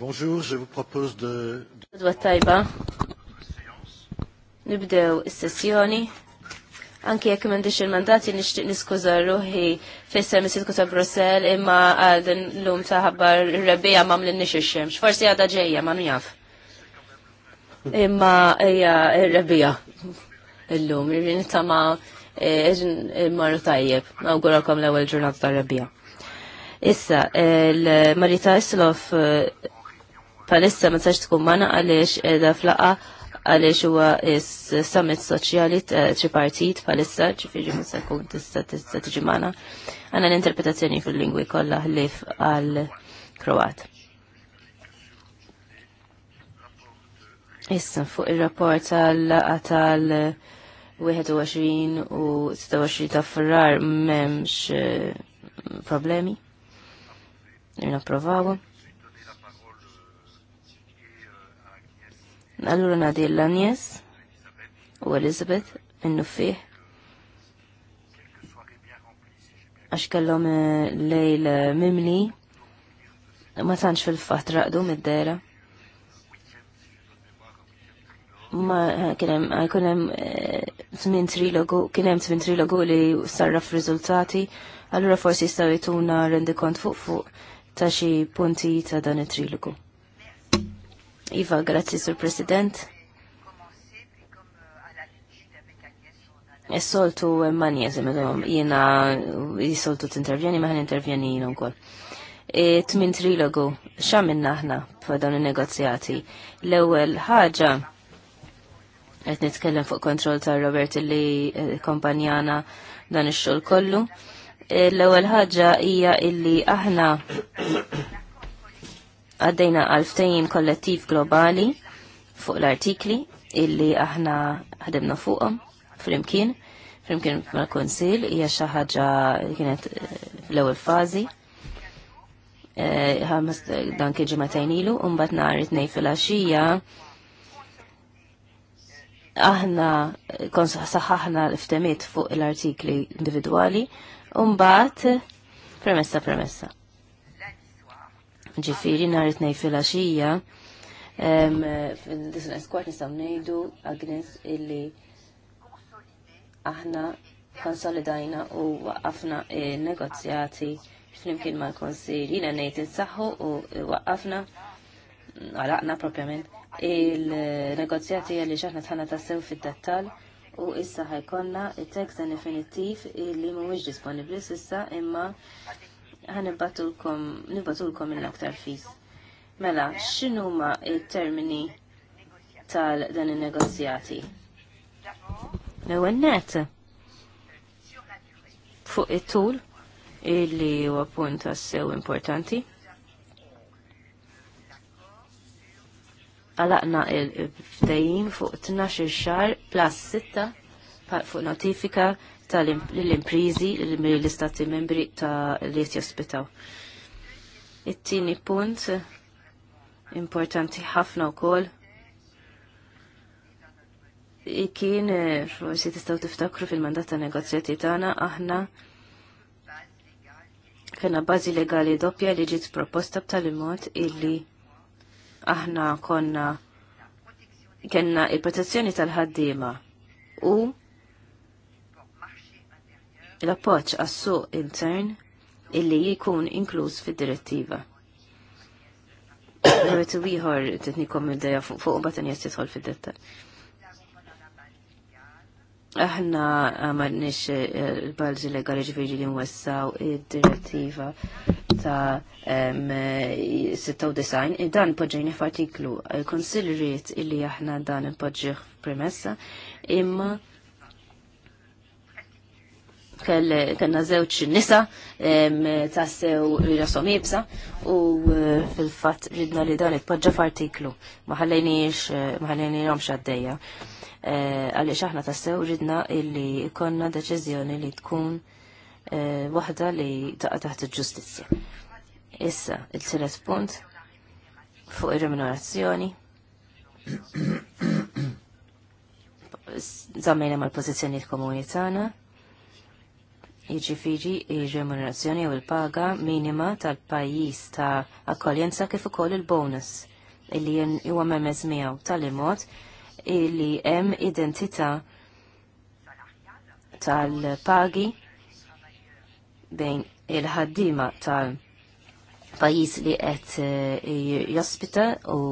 Bonjour, je vous propose de... Għadwa tajba. Nibdew is-sessjoni. Anki jekk m'għandix il-mandati nixtieq niskuża ruħi fissem is sitku ta' Brussell imma għal din lum ta' ħabbar ir-rebbija ma mlinniex ix-xemx. Forsi għadha ġejja ma njaf. Imma hija r-rebbija illum, irrin tama eh, marru tajjeb. Nawgurakom l-ewwel ġurnata tar-rebbija. Issa, eh, l-Marita Islof eh, palissa ma tax tkun mana għaliex edha eh, flaqa għaliex huwa is-summit soċjali eh, tripartit palissa ġifieri ma se tkun tista' tista' tiġi mana. Għandna l-interpretazzjoni fil-lingwi kollha ħlief għal Kroat. Issa fuq ir-rapport tal-għatal 21 u 26 ta' ferrar memx eh, problemi. Nirna provawa. Allura nadi l-Agnes u Elizabeth minnu fih. Għax kellhom eh, lejl eh, mimli ma tantx fil-fatt raqdu mid-dera. Ma kienem kienem tmin trilogu kienem tmin trilogu li sarraf riżultati, allura forsi jistgħu rendi kont fuq fuq ta' xi punti ta' dan it-trilogu. Iva, grazie Sur President. Is-soltu mani jazim, mela, jena jisoltu t-intervjeni, maħan intervjeni jina kol. E, tmin trilogu, xamin naħna pa dawn il-negozjati. L-ewel ħaġa, għet nitkellem fuq kontrol ta' Robert li e, kompanjana dan ix-xol kollu. E, L-ewel ħaġa hija illi aħna għaddejna għalftajim kollettiv globali fuq l-artikli illi aħna ħademna fuqhom flimkien, flimkien mal-Konsil hija xi ħaġa kienet eh, l-ewwel fażi. Eh, dan kien ġimgħatejn ilu, u mbagħad nhar it-tnejn fil-għaxija aħna kon saħħaħna l-iftemiet fuq l-artikli individwali, u mbagħad premessa premessa. Ġifiri nhar nej tnejn fil-għaxija fil-disnes kwart nistgħu ngħidu illi aħna konsolidajna u waqafna negozjati fl-imkien mal-konsil jina ngħid insaħħu u waqafna għalaqna propjament il-negozjati għalli ġaħna tħana tassew fid-dettal u issa ħajkonna il-tekst definitiv li mhuwiex disponibbli s'issa imma ħanibbatulkom, nibatulkom minn aktar fis. Mela, x'inhuma il-termini tal dan in-negozjati? l net fuq it-tul illi huwa punt sew importanti. Għalaqna il-ftejjin fuq 12 xahar plus 6 fuq notifika tal-imprizi l-istati membri ta' li jospitaw. It-tieni punt importanti ħafna kol ikin eh, forsi tistaw tiftakru fil-mandat ta' negozjati tagħna aħna kena bażi legali doppja li ġiet proposta b'tali mod illi aħna konna kena il-protezzjoni tal-ħaddiema u l-appoġġ għas-suq intern illi jkun inkluż fid-direttiva. Rritu t titnikom il dejja fuq batan jistidħol fid detta Aħna għamarnix eh, il-balġi legali ġifiri li mwessaw id-direttiva ta' 96, dan podġejni f'artiklu, konsideriet illi aħna dan podġiħ premessa, imma kellna żewġ nisa tassew rasom jibsa u eh, fil-fatt ridna li dan it-podġa f'artiklu ma ħallejni romx eh, għaddejja. Eh, għaliex aħna tassew ridna illi konna deċiżjoni li tkun waħda li taqa' taħt il-ġustizzja. Issa, il-tielet punt fuq ir-remunerazzjoni. Zammejna mal-pożizzjonijiet komuni tagħna jiġifieri il remunerazzjoni jew il-paga minima tal-pajjiż ta' akkoljenza kif ukoll il-bonus illi huwa memeż miegħu tal-imod illi hemm identità tal-pagi bejn il-ħaddima tal-pajis li qed eh, jospita u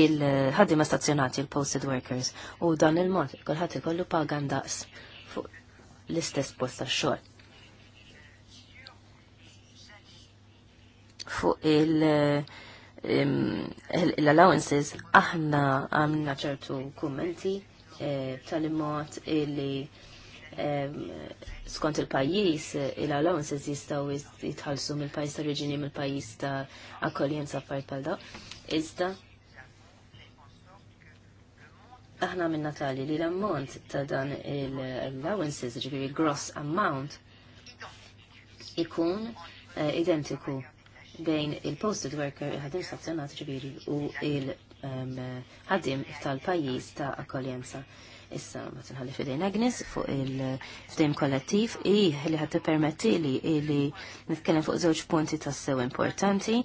il-ħaddima stazzjonati, il-posted workers. U dan il-mod, kulħadd ikollu paga ndaqs l-istess posta xogħol. Fuq il-allowances aħna għamna ċertu kummenti eh, tal-imot li skont il-pajis, il-allowances jistaw jitħalsu mill-pajis ta' reġini mill-pajis ta' akkoljenza fajt pal Iżda, aħna minna tali li l-ammont ta' dan il-allowances, ġifiri gross amount, ikun eh, identiku bejn il-posted worker, il-ħadim stazzjonat ġifiri, u il-ħadim tal-pajis ta' akkoljenza. Issa, ma tinħalli fidejn Agnes fuq il-fdejm kollettiv, iħ li ħat permetti li li nitkellem fuq żewġ punti ta' sew importanti,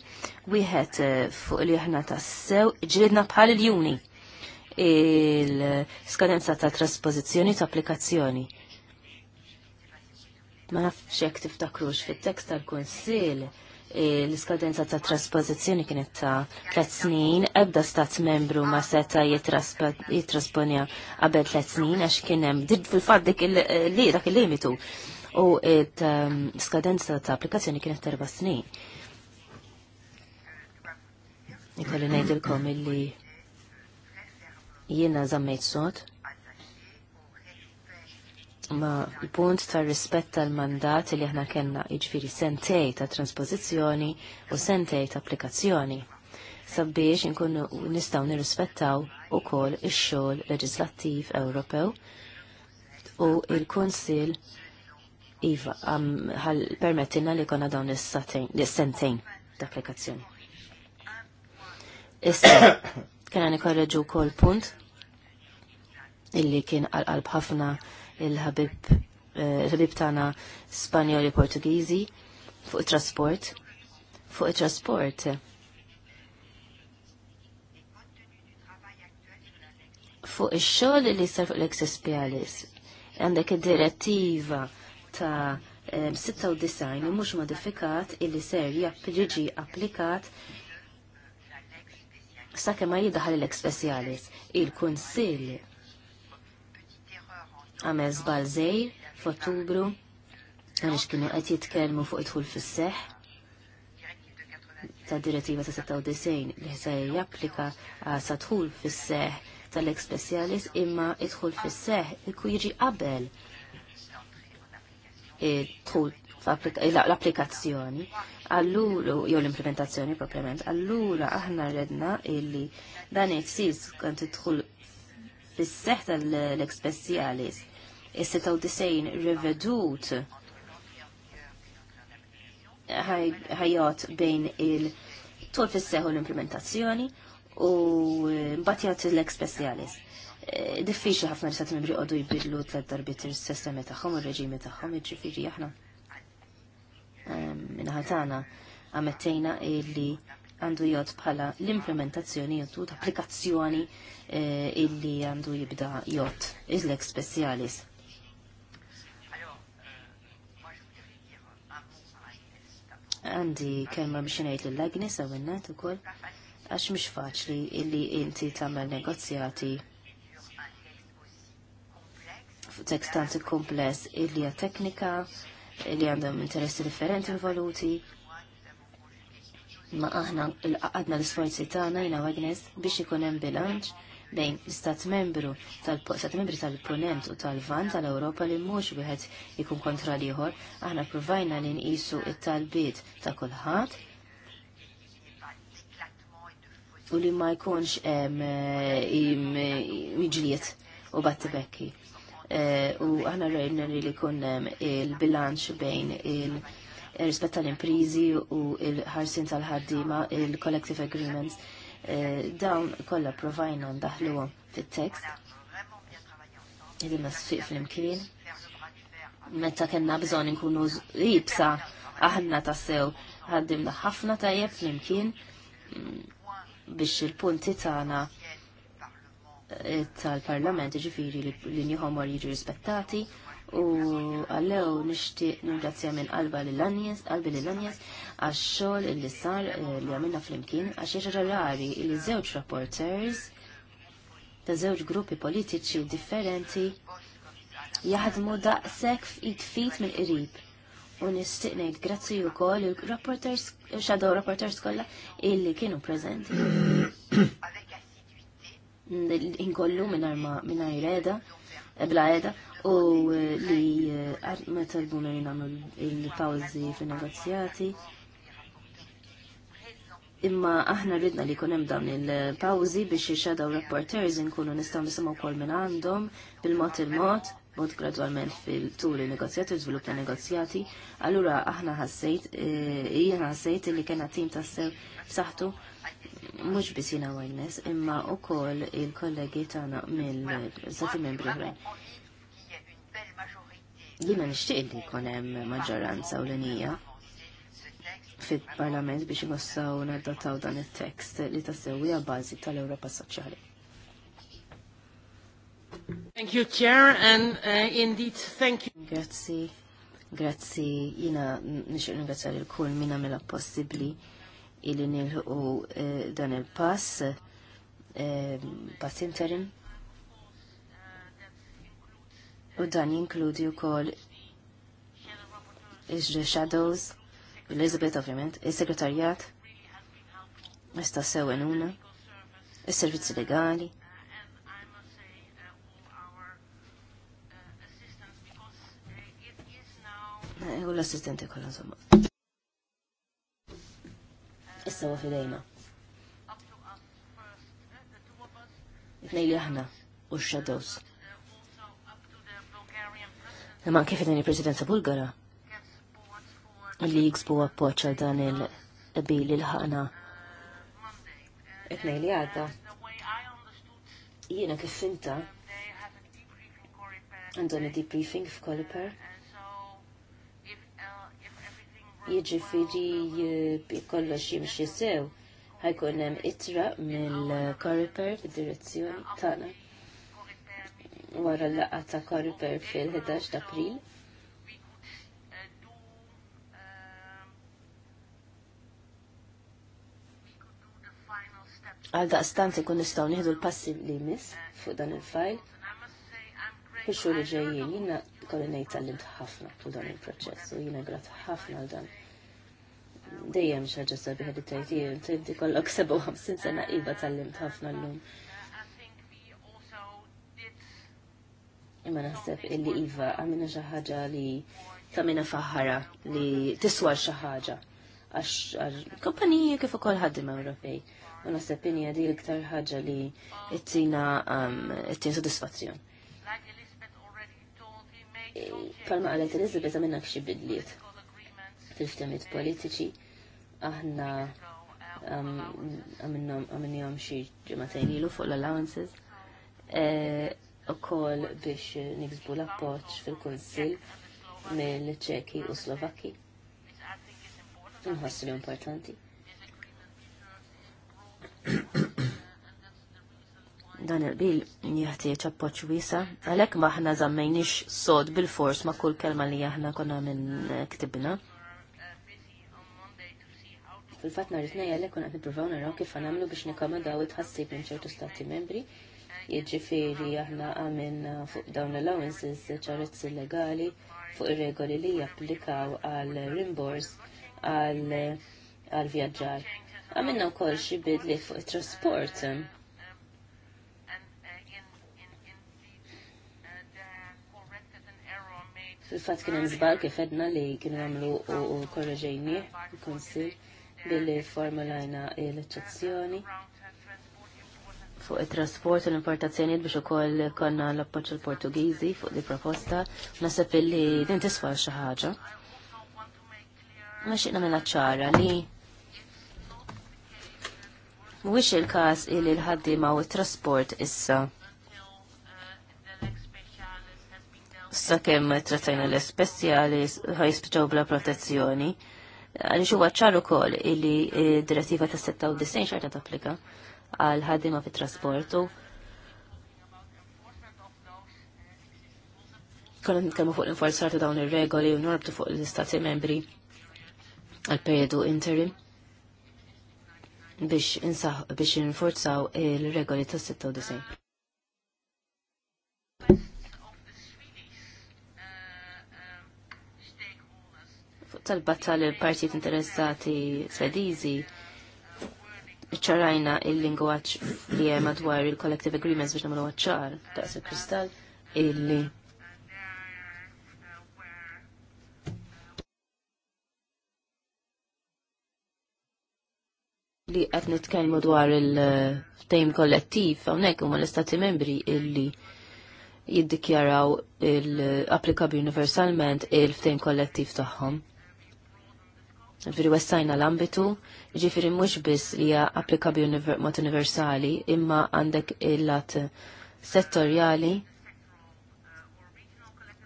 wieħed eh, fuq li aħna ta' sew ġridna bħal il-juni il-skadenza ta' trasposizjoni ta' applikazzjoni. Ma nafx jekk tiftakrux fit-tekst tal kunsil l-iskadenza ta' trasposizjoni kienet ta' tlet snin, ebda stat membru ma seta' jitrasponja qabel tlet snin, għax kienem, did fil fatt dik il-li, dak il-limitu. U l-skadenza um, ta' applikazzjoni kienet erba snin. Ikolli ngħidilkom illi jiena zammejt sot ma punt ta' rispett tal-mandat li aħna kellna jiġifieri sentej ta' transpozizjoni u sentej ta' applikazzjoni sabiex inkunu nistgħu nirrispettaw ukoll ix-xogħol leġislattiv Ewropew u il-Kunsill iva ħal permettina li konna dawn il sentejn ta' applikazzjoni. Issa, kena nikorreġu kol punt illi kien għal-qalb ħafna il-ħabib eh, il-ħabib Spanjoli Portugiżi fuq it-trasport. Fuq trasport Fuq ix-xogħol li sar fuq l-Exis Pialis għandek id-direttiva ta' 96 eh, mhux modifikat illi ser jiġi applikat sakemm ma jidaħal l-Exis Pialis. Il-Kunsill għamel żbal f'Ottubru għaliex kienu qed jitkellmu fuq idħul fis-seħħ ta' direttiva ta' 96 li se japplika sa dħul fis-seħ tal-ek imma idħul fis-seħ iku jiġi qabel idħul l-applikazzjoni għallulu jew l-implementazzjoni propriament allura aħna redna illi dan it-sis kont idħul fis-seħ tal-ek is-96 rivedut ħajjot bejn il-tol fisseħu l-implementazzjoni u mbatjat l-ek specialis. Eh, Diffiċi ħafna li sat membri għodu jibidlu t darbit il-sistemi taħħom, il-reġimi taħħom, ġifiri aħna. Ehm, Minnaħatana għamettejna illi għandu jgħod bħala l-implementazzjoni jgħod applikazzjoni eh, illi għandu jibda jgħod iż-lek specialis Għandi kelma biex ngħid lil Agnes għawinnet ukoll għax mhux faċli illi inti tagħmel negozjati Tekstanti tant kompless illi hija teknika illi għandhom interessi differenti valuti ma aħna l-qadna l-sforzi tagħna jiena Agnes biex ikun hemm bilanċ bejn stat membru tal-stat membri tal-ponent u tal-van tal-Ewropa li mhux wieħed ikun kontra liħor, aħna provajna li nqisu it-talbiet ta' kulħadd u li ma jkunx miġliet u batti bekki. Eh, u aħna rajna li kunnem il-bilanċ bejn il- rispetta l-imprizi u il-ħarsin tal-ħaddima, il-collective agreements Eh, dawn kollha provajna ndaħlu fit-tekst. s-fiq fil imkien Meta kena bżonn inkunu ribsa aħna tassew ħaddimna ħafna tajjeb fil imkien mm, biex il-punti tagħna eh, tal-parlament ġifiri li njuħomor jiġu rispettati u Lew nixtieq ningrazzja minn qalba lill-Anjes, qalbi lill-Anjes għax-xogħol li sar eh, li għamilna flimkien għax jiġra rari li żewġ rapporters ta' żewġ gruppi politiċi differenti jaħdmu daqshekk id fit mill qrib u grazzi ngħid grazzi wkoll il-rapporters shadow rapporters kollha illi kienu preżenti. Inkollu minn arma minn reda Ebla edha u eh, li eh, meta l-buna namlu il-pawzi fin-negozjati. Imma aħna ridna li kunem dawn il-pawzi biex il-shadow reporters nkunu nistaw nisimaw kol minn għandhom bil-mot il-mot, mod gradualment fil-tul il-negozjati, il-żvilupp ta' negozjati. Allura aħna ħassejt, eh, jiena ħassejt li kena tim tassew b'saħħtu mux bisina jiena awareness imma wkoll il-kollegi tana mill-Stati Membri oħrajn. Jina nishtiq li konem jkun u l-nija fit-Parlament biex iħossaw nadataw dan il tekst li tassewwija bazi tal europa Soċjali. Thank you, Chair, and uh, indeed, thank you. Grazie, grazie, jina nixuq ringrazzjali l-kull minna mela possibli illi nilħu eh, dan il-pass, eh, pass interim. U dan jinkludi u kol iġri Shadows, Elizabeth ovvjament, il-segretarjat, Mista Sewenuna, il-servizzi legali, U l-assistenti kolla, insomma issa huwa fidejna. Itnej li aħna u x-shadows. Imma kif id il-Presidenza Bulgara li jiksbu appoċċa dan il-bil il-ħana etnej li għadda. Jiena kif finta għandhom id-debriefing f'Koliper jiġifieri eh, kollox jimxi sew ħajkun hemm itra mill-Koriper fid-direzzjoni tagħna wara l-laqgħa ta' Koriper fil-11 ta' April. Għal daqstant ikun nistgħu nieħdu l-passi li jmiss fuq dan il-fajl. Fix-xhur li ġejjin jiena kolli ngħid tallimt ħafna tul dan il-proċess u jiena grat ħafna għal dan. Dejjem xi ħaġa sabiħ li tajtijiem, tinti kollok 57 sena iva tallimt ħafna llum. Imma naħseb illi iva għamina xi ħaġa li tamina faħħara li tiswar xi ħaġa għax kompaniji kif ukoll ħaddim Ewropej. U naħseb inja di l-iktar ħaġa li ittina ittin um, sodisfazzjon palma għalet Elizabeth għamilna kxie bidliet fil-ftemiet politiċi aħna um, għamilnom xie ġematajn ilu fuq l-allowances e, u kol biex niksbu l-appoċ fil-konsil mill-ċeki u Slovakki. Nħossu li importanti. Dan il-bil jieħtieġ appoġġ wiesa, għalhekk maħna aħna żammejniex sod bil-fors ma' kull kelma li aħna konna minn eh, ktibna. Fil-fatt nhar jgħalek għalhekk konna qed naraw kif għanamlu biex nikkomodaw it-ħassib minn ċertu stati membri jiġifieri aħna għamin fuq dawn allowances ċarezzi illegali, fuq ir-regoli li japplikaw għal rimbors għal għal vjaġġar. Għamilna wkoll xi bidli fuq it-trasport Fil-fat kien nżbar kif edna li kien għamlu u korreġejni il-konsil billi formulajna l-eċezzjoni fuq it-trasport u l-importazzjoniet biex ukoll konna l-appoġġ il-Portugiżi fuq di proposta nasab li din tiswa xi ħaġa. Ma xiqna minna ċara li mhuwiex il-każ li l-ħaddiema u t-trasport issa sakemm trattajna l-espezjali ħajspiċaw bla protezzjoni. Għaliex huwa ċar ukoll illi eh, direttiva ta' 96 xarta tapplika għal ħaddiema fit-trasportu. Kolla nitkellmu fuq l-inforzar ta' dawn ir-regoli u norbtu fuq l-istati membri għal periodu interim biex insaħ biex il-regoli ta' 96. fuq talba tal-partijiet interessati svedizi ċarajna il-lingwaċ li hemm madwar il-collective agreements biex namlu għacċar daqs il-kristall illi li qed nitkellmu dwar il-tejm kollettiv hawnhekk huma l-istati membri illi jiddikjaraw il-applikabi universalment il-ftejn kollettiv tagħhom ġifiri wessajna l-ambitu, ġifiri mux biss li hija applikabli mod universali, imma għandek il-lat settorjali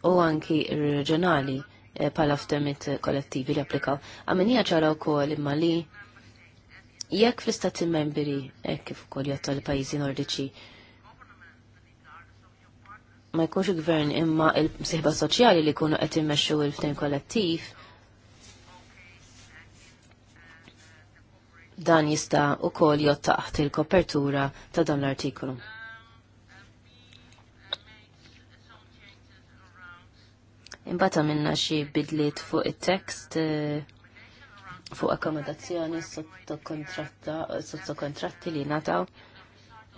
u anki reġjonali eh, pala ftemit kollettivi li applikaw. Għamenija ċara u kol imma li jekk fl-istati membri, jekk eh, kif ukoll jotta l-pajjiżi nordiċi, ma jkunx gvern imma il-sihba soċjali li kunu qed immexxu il ftem kollettiv, dan jista' u kol taħt il-kopertura ta' dan l-artikolu. Imbata minna xi bidliet fuq it-tekst eh, fuq akkomodazzjoni sottokontratti li nataw.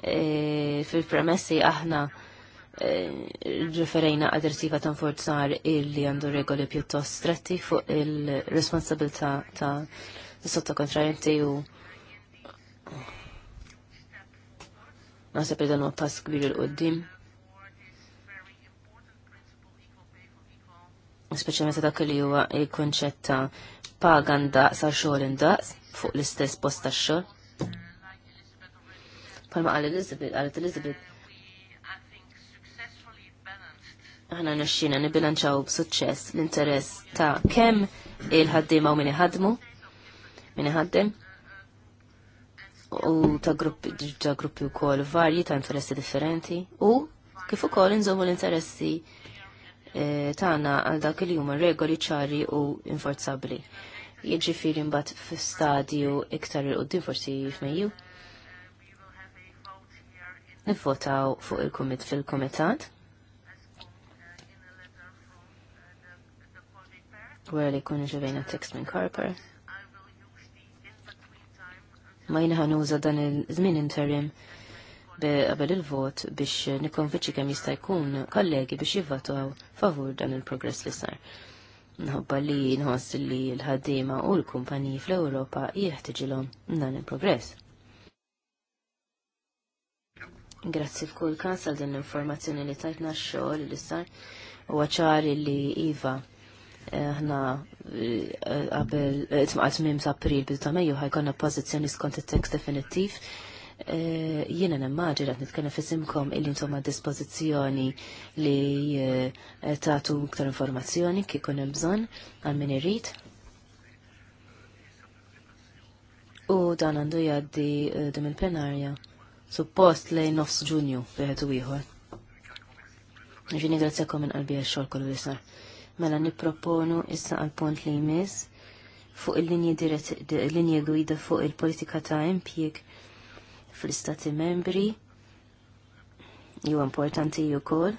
E, Fil-premessi aħna eh, referejna għad-irsiva ta' forzar illi għandu regoli pjuttost stretti fuq il-responsabilta ta', ta sotto sottokontrajenti u Naħseb li dan huwa pass kbir il qoddim Specialmente dak li huwa il-konċett ta' paga ndaqs għal xogħol indaqs fuq l-istess post tax-xogħol. Palma għal Elizabeth, għal Elizabeth. Għana nexxina nibilanċaw b'suċċess l-interess ta' kemm il ħaddim għaw min iħadmu min iħaddem u ta' gruppi ta' gruppi u kol varji ta' interessi differenti u kif ukoll inżommu l-interessi eh, tagħna għal dak li huma regoli ċari u inforzabbli. Jiġifieri mbagħad stadju iktar il qudiem forsi f'Mejju. Nivvotaw fuq il-kumit fil-kumitat. Wara li jkun ġivejna tekst minn Carper ma jina ħanuża dan il-żmien interim qabel il-vot biex nikonvinċi kemm jista' jkun kollegi biex jivvataw favur dan il-progress li sar. Nħobba li nħoss li l-ħaddiema u l-kumpaniji fl-Ewropa jieħtiġilhom dan il-progress. Grazzi f'kull każ għal din l-informazzjoni li tajtna x-xogħol li sar u ċari li iva għabel, eh, qabel eh, tmaqat mim sa' april bil ta' Mejju ħajkonna pożizzjoni skont it-tekst definittiv. Eh, jiena nimmaġi qed nitkellem fisimkom illi intom għad dispożizzjoni li tagħtu iktar informazzjoni kif ikun hemm bżonn għal min irid. U dan għandu jgħaddi dim il-plenarja suppost lejn nofs ġunju biħet u ieħor. Ġini grazzjakom minn qalbi għax-xogħol kollu li sar mela nipproponu issa għal punt li jmiss fuq il-linja gwida fuq il-politika ta' impjieg fl-istati membri Ju importanti wkoll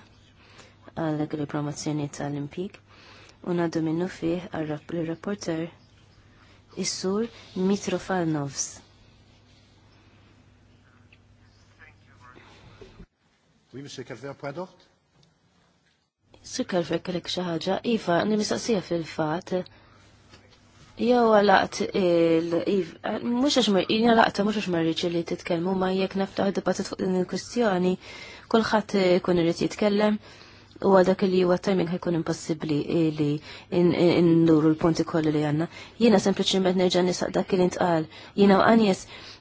għal promozzjoni tal l u ngħaddu minnu fiħ għal-rapporter is-sur Mitrofanovs. Oui, Monsieur Calvert, point d'ordre Sikkar fekk lek xi ħaġa, iva, nimistaqsija fil-fatt. Jew laqt il mhux għax jiena laqta mhux għax marriċ li titkellmu ma jekk naftaħ dibattit fuq din il-kwistjoni, kulħadd ikun irid jitkellem u għadak li huwa timing ħajkun impossibli li nduru l-punti kollu li għanna. Jiena sempliċiment nerġa' nisaq dak li ntqal. jina u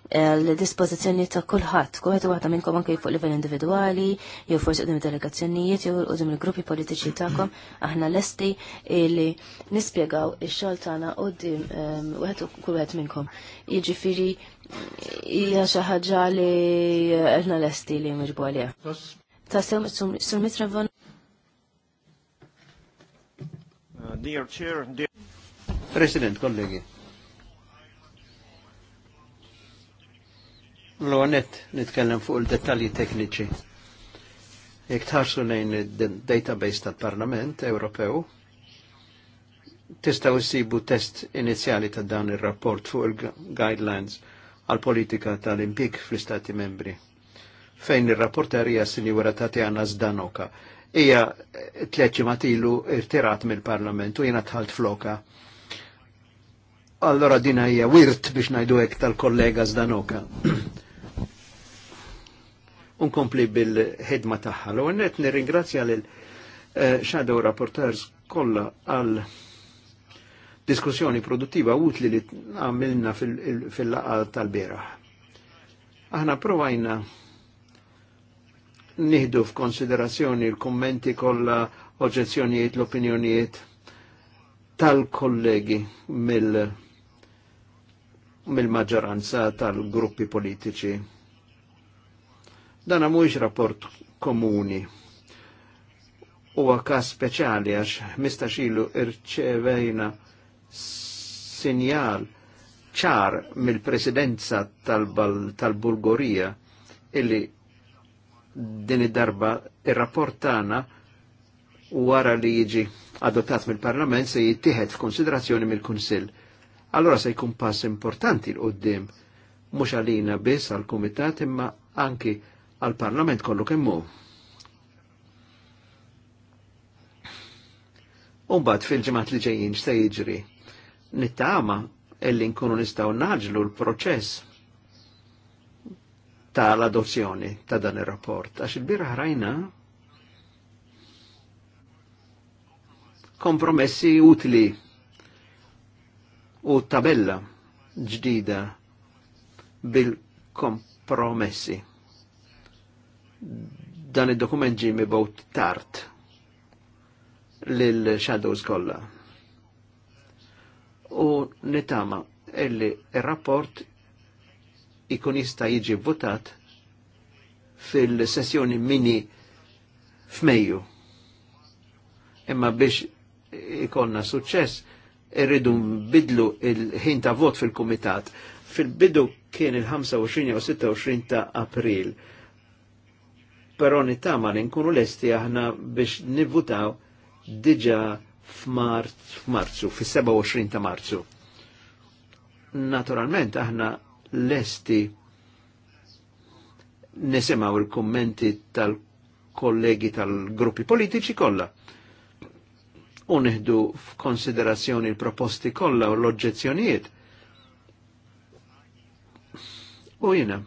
l-dispożizzjoni ta' kulħadd, kulħadd waħda minnkom anke fuq livell individwali, jew forsi qudiem delegazzjonijiet, jew qudiem il-gruppi politiċi tagħkom, aħna lesti li nispjegaw ix-xogħol tagħna qudiem ehm, wieħed kull wieħed minnkom. Jiġifieri hija xi ħaġa li aħna lesti li nirbu għaliha. Ta' sur Mitra Von. Uh, dear Chair, dear... President, kollegi. L-għonet nitkellem fuq il-dettalji tekniċi. Jek tħarsu lejn il-database tal-Parlament Ewropew, tistaw issibu test inizjali ta' dan il-rapport fuq il-guidelines għal-politika tal-impik fl-Istati membri. Fejn il-rapporterija sinjura Tjana Zdanoka. Ija matilu irtirat mill-Parlament u jena tħalt floka. Allora dina hija wirt biex najdu hekk tal-kollega Zdanoka. unkompli bil-ħidma tagħha. l għannet nirringrazzja l eh, shadow rapporteurs kollha għal diskussjoni produttiva utli li għamilna fil laqqa tal-beraħ. Aħna provajna nieħdu f'konsiderazzjoni l-kommenti kollha oġezzjonijiet, l-opinjonijiet tal-kollegi mill-maġġoranza tal-gruppi politiċi Dan mhuwiex rapport komuni. Huwa każ speċjali għax mistax ilu irċevejna sinjal ċar mill-presidenza tal-Bulgorija tal illi din id-darba ir-rapport tagħna wara li jiġi adottat mill-Parlament se jittieħed f'konsiderazzjoni mill-Kunsill. Allora se jkun pass importanti l qoddim mhux għalina biss għall-Kumitat imma anki għal-Parlament kollu kemmu. Umbat fil-ġemat li ġejjin x'se jġri, Nittama illi nkunu nistgħu naġlu l-proċess tal-adozzjoni ta' dan ir-rapport. Għax il-bira ħrajna kompromessi utli u tabella ġdida bil-kompromessi dan id-dokument ġi mibgħut tard lil-shadows kollha. U nitama illi r rapport ikun jista' jiġi votat fil-sessjoni mini f'Mejju. Imma biex ikonna suċċess, irridu bidlu il-ħin ta' vot fil-Kumitat. Fil-bidu kien il-25 u 26 ta' April pero nittama li nkunu lesti aħna biex nivvutaw diġa f'Marzu, fis-27 ta' Marzu. Naturalment aħna lesti nisimaw il-kommenti tal-kollegi tal-gruppi politiċi kollha. Uneħdu f'konsiderazzjoni l-proposti kollha u l-oġġezzjonijiet. U jina,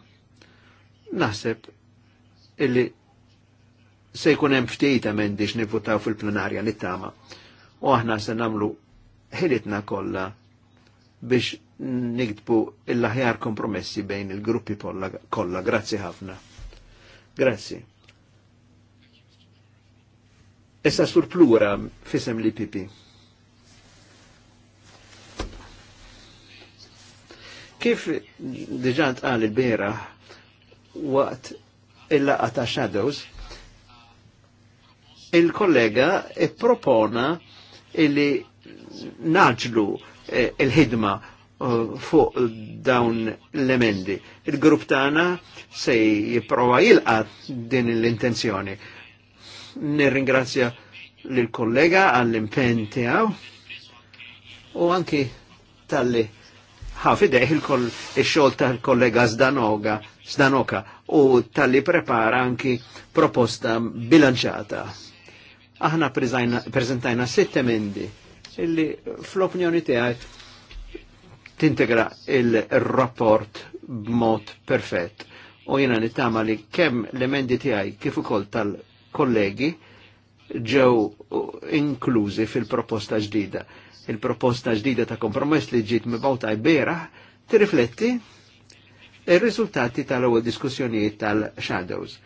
naħseb illi se jkun hemm ftit emendi nivvutaw fil-plenarja nittama. U aħna se nagħmlu ħilitna kollha biex niktbu l-aħjar kompromessi bejn il-gruppi kollha. Grazzi ħafna. Grazzi. Issa sur plura fisem li pipi. Kif diġant għal il-bera waqt il-laqa ta' shadows, il-kollega e propona illi naġlu eh, il-ħidma eh, fuq dawn l-emendi. Il-grupp tana se jipprova jilqa din l-intenzjoni. Nirringrazzja l kollega għall impen tiegħu u anki tal-li ħafideħ il-xol tal-kollega Zdanoga, Zdanoka u tal-li prepara anki proposta bilanċata. Aħna prezentajna sitt emendi illi fl-opinjoni tiegħi tintegra il-rapport b'mod perfett u jiena nittama li kemm l-emendi tiegħi kif ukoll tal-kollegi ġew inklużi fil-proposta ġdida. Il-proposta ġdida ta' kompromess li ġiet mibgħuta jberaħ tirrifletti il-riżultati tal-ewwel diskussjonijiet tal-shadows.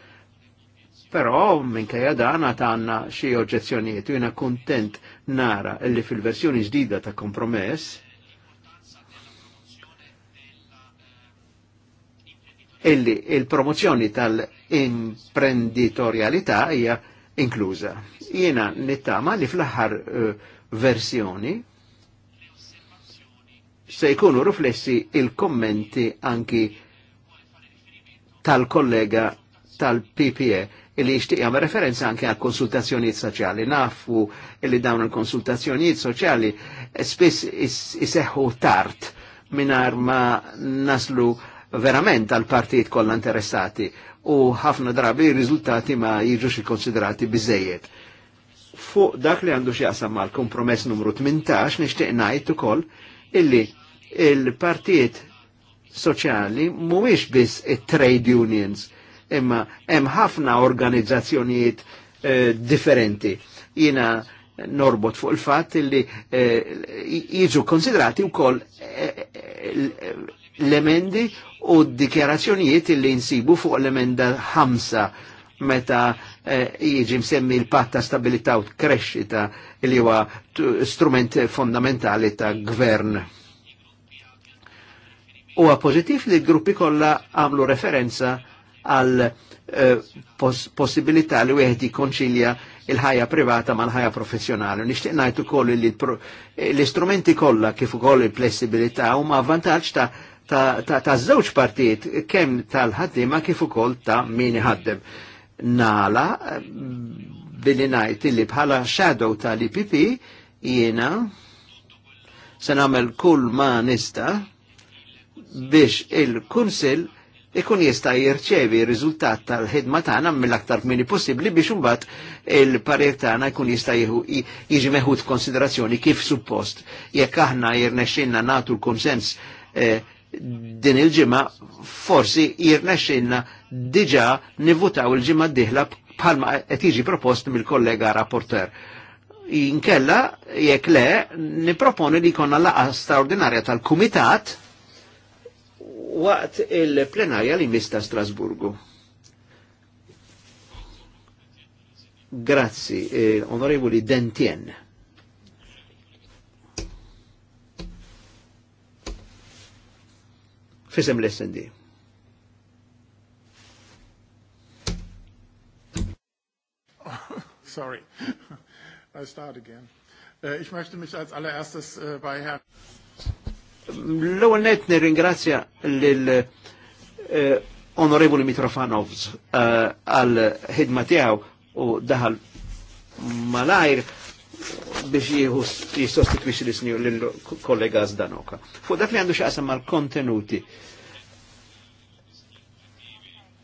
Però minkejja dan għandna xi oġġezzjonijiet u jena kuntent nara illi fil-versjoni ġdida ta' kompromess illi il-promozzjoni tal-imprenditorialità hija inkluża. Jiena nittama li fl-aħħar uh, eh, versjoni se jkunu riflessi il-kommenti anki tal-kollega tal-PPE li jixtieq jagħmel referenza anke għal konsultazzjonijiet soċjali. Nafu li dawn il-konsultazzjonijiet soċjali spiss iseħħu tard mingħajr ma naslu verament għal partijiet kollha interessati u ħafna drabi riżultati ma jiġux ikkonsiderati biżejjed. Fuq dak li għandu x'jaqsam mal-kompromess numru 18 nixtieq ngħid ukoll illi il-partijiet soċjali mhuwiex biss it-trade unions imma hemm ħafna organizzazzjonijiet eh, differenti. Jina norbot fuq il-fatt li eh, jiġu eh, konsidrati wkoll l-emendi u dikjarazzjonijiet li jinsibu fuq l-emenda ħamsa meta eh, jieġi msemmi l-patta stabilità u krexxita li huwa strument fondamentali ta' gvern. Huwa pozitif li gruppi kolla għamlu referenza għal eh, possibilità li wieħed jikkonċilja il-ħajja privata mal-ħajja professjonali. Nixtieq ngħid ukoll eh, l-istrumenti kollha kif ukoll il-flessibilità huma avvantaġġ ta' ta' żewġ partijiet kemm tal ma kif ukoll ta' min iħaddem. Nala eh, billi ngħid li bħala shadow tal-IPP jiena se nagħmel kull ma nista' biex il-Kunsill ikun jista' jirċevi riżultat tal-ħidma tagħna mill-aktar kmini possibbli biex imbagħad il-parir tagħna jkun jista' jiġi meħud konsiderazzjoni kif suppost jekk aħna jirnexxinna nagħtu l-konsens eh, din il-ġimgħa forsi jirnexxinna diġà nivutaw il-ġimgħa d-dieħla bħalma qed jiġi propost mill-kollega rapporter. Inkella jekk le, niproponi li jkollna laqgħa straordinarja tal-kumitat waqt il-plenarja li mista Strasburgu. Grazzi, eh, onorevoli Dentien. Fisem l-SND. Sorry, I start again. Uh, Ich möchte mich als allererstes uh, bei Herrn L-ewwel net nirringrazzja lil eh, Onorevoli Mitrofanov eh, għal ħidma tiegħu u daħal malajr biex jistostitwix l-isnju lil kollega Zdanoka. Fuq dak li għandu xaqsam mal-kontenuti.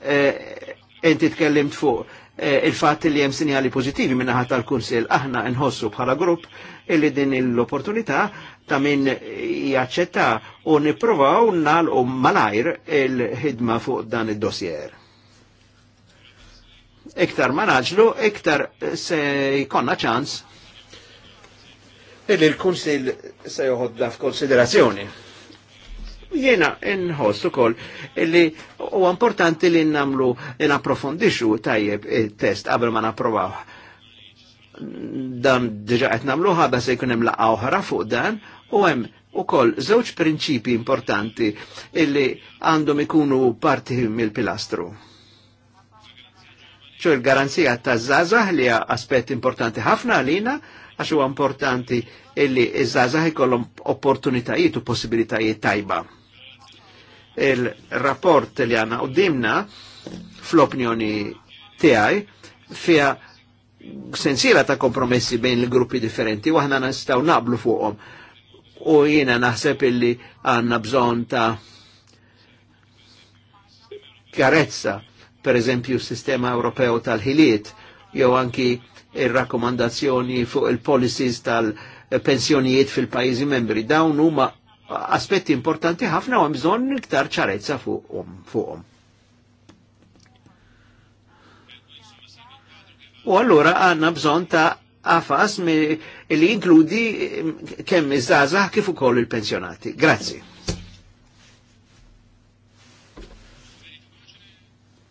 Enti eh, tkellimt fuq Eh, il-fat li jem sinjali pozitivi minnaħat tal-Kunsil. Aħna nħossu bħala grupp illi din l-opportunità ta' min jaċċetta u niprovaw nal u malajr il-ħidma fuq dan id-dossier. Iktar ma naġlu, iktar se jkonna ċans illi l-Kunsil se joħodda f'konsiderazzjoni. Jena nħossu kol li u importanti li namlu naprofondixu tajjeb il-test qabel ma naprovaw. Dan diġa qed namluħa bas se jkun hemm laqgħa oħra fuq dan u hemm ukoll żewġ prinċipi importanti illi għandhom ikunu parti mill-pilastru. ċo il-garanzija ta' zazah li aspett importanti ħafna għalina għax huwa importanti illi iż-żazah ikollhom opportunitajiet u possibilitajiet tajba il-rapport li għanna u dimna fl-opinjoni tiegħi fija sensiela ta' kompromessi bejn il-gruppi differenti u aħna nistaw nablu fuqom U jiena naħseb illi għanna bżon ta' karezza, per eżempju, sistema Ewropew tal-ħiliet, jew anki il-rakkomandazzjoni fuq il-policies tal-pensjonijiet fil-pajjiżi membri. Dawn huma aspetti importanti ħafna u bżon iktar ċarezza fuqhom. fuqhom. U allura għanna bżon ta' għafas li inkludi kemm iż-żgħażagħ kif ukoll il-pensjonati. Grazzi.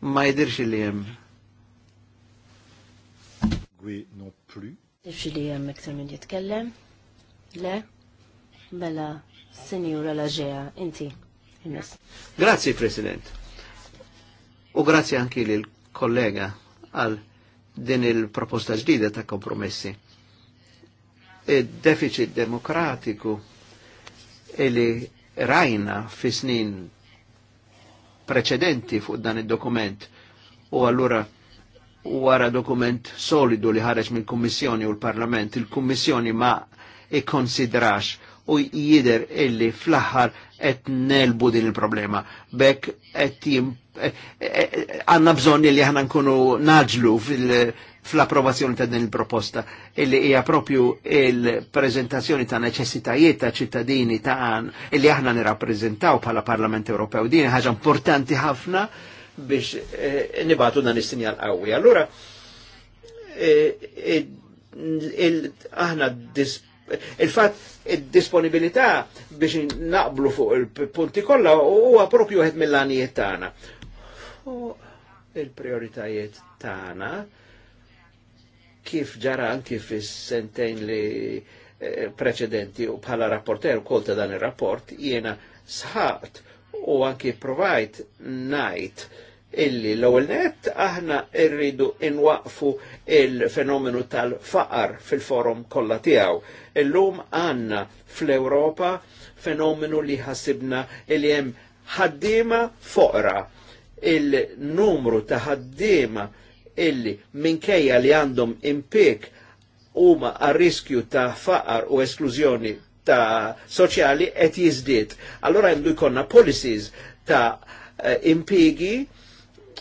Ma jidirx li hemm. Gwi non plus. Dirx li hemm iktar minn jitkellem? Le? Mela Signora Lagea, inti. Grazie, President. U grazie anki lil kollega għal din il-proposta ġdida ta' kompromessi. Il-deficit demokratiku li rajna fi snin preċedenti fuq dan il-dokument u allura wara dokument solidu li ħareġ minn kummissjoni u l-Parlament, il-Kummissjoni ma ikkonsidrax u jider illi fl-aħħar qed nelbu din il-problema. et qed e, e, e, għanna bżonn illi aħna nkunu naġlu fl-approvazzjoni ta' din il-proposta illi hija propju il prezentazzjoni ta' neċessitajiet ta' ċittadini ta' illi aħna nirrappreżentaw bħala Parlament Ewropew. Din ħaġa importanti ħafna biex nibatu dan is-sinjal qawwi. Allura eh, eh, aħna disp il-fat il-disponibilità biex naqblu fuq il-punti kollha huwa propju għed mill-għanijiet tagħna. U il-prioritajiet tana kif ġara anki fis-sentejn li eh, preċedenti u bħala rapporter u kolta dan il-rapport jiena sħat u anki provajt najt illi l-ewwel net aħna rridu inwaqfu il-fenomenu tal-faqar fil-forum kollha tiegħu Illum għanna fl-Europa fenomenu li ħasibna li hemm ħaddiema foqra. Il-numru ta' ħaddiema illi minkejja li għandhom impik huma għar-riskju ta' faqar u esklużjoni ta' soċjali qed jiżdied. Allora għandu jkollna policies ta' eh, impigi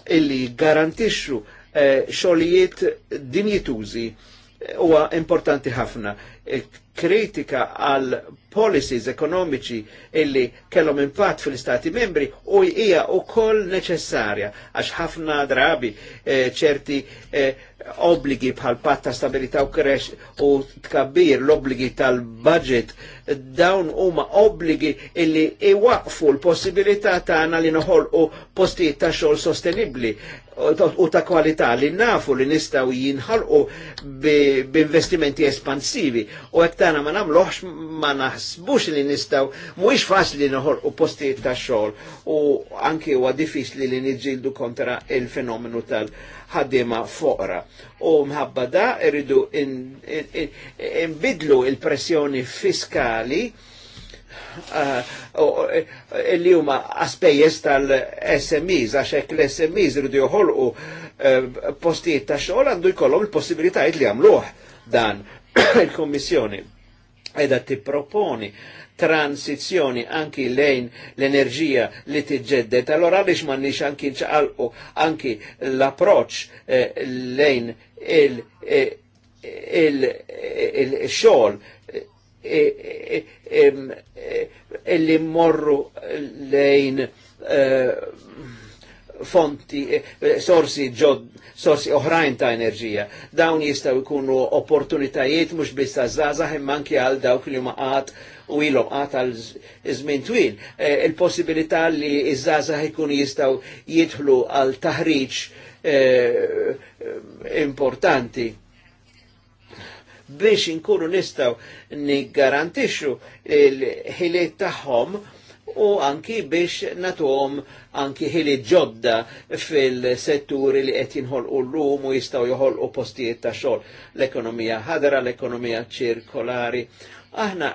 illi garantixxu eh, xogħlijiet dinjitużi huwa importanti ħafna. E kritika għal policies ekonomiċi illi kellhom impatt fil-Stati membri u hija wkoll neċessarja għax ħafna drabi e, ċerti eh, obbligi bħal patt ta' stabilità u krex u tkabbir l-obbligi tal-budget dawn huma obbligi illi iwaqfu l-possibilità tagħna li noħolqu postijiet ta' xogħol sostenibbli u ta' kwalità li nafu li nistaw jinħarqu b'investimenti espansivi u għek tana ma nagħmluhx ma naħsbux li nistaw mhuwiex faċli u postijiet ta' xogħol u anke huwa diffiċli li niġġieldu kontra il-fenomenu tal- ħaddima foqra. U mħabba da irridu inbidlu il-pressjoni fiskali Eh, eh, eh, li huma aspejjes tal-SMEs għax hekk l-SMEs irridu joħolqu postijiet ta' xogħol għandu jkollhom il-possibilitajiet li jagħmluh dan il-Kommissjoni edha tipproponi transizjoni anki lejn l-enerġija li tiġġedded. allora għaliex mannix anki nċaqalqu anki l approċċ lejn il-xol il, il, il, il illi morru lejn eh, fonti, eh, sorsi ġod, sorsi oħrajn ta' enerġija. Dawn jistaw ikunu opportunitajiet mux biss ta' zaza manki għal dawk li maqat u ilom għat għal żmien twil. Eh, il-possibilità li iż-żaza ikunu jistaw jidħlu għal taħriġ importanti biex inkunu nistaw niggarantixxu il-ħiliet taħħom u anki biex natuħom anki ħiliet ġodda fil-setturi li qed jinħolqu l-lum u jistgħu joħolqu postijiet ta' xogħol. L-ekonomija ħadra, l-ekonomija ċirkolari aħna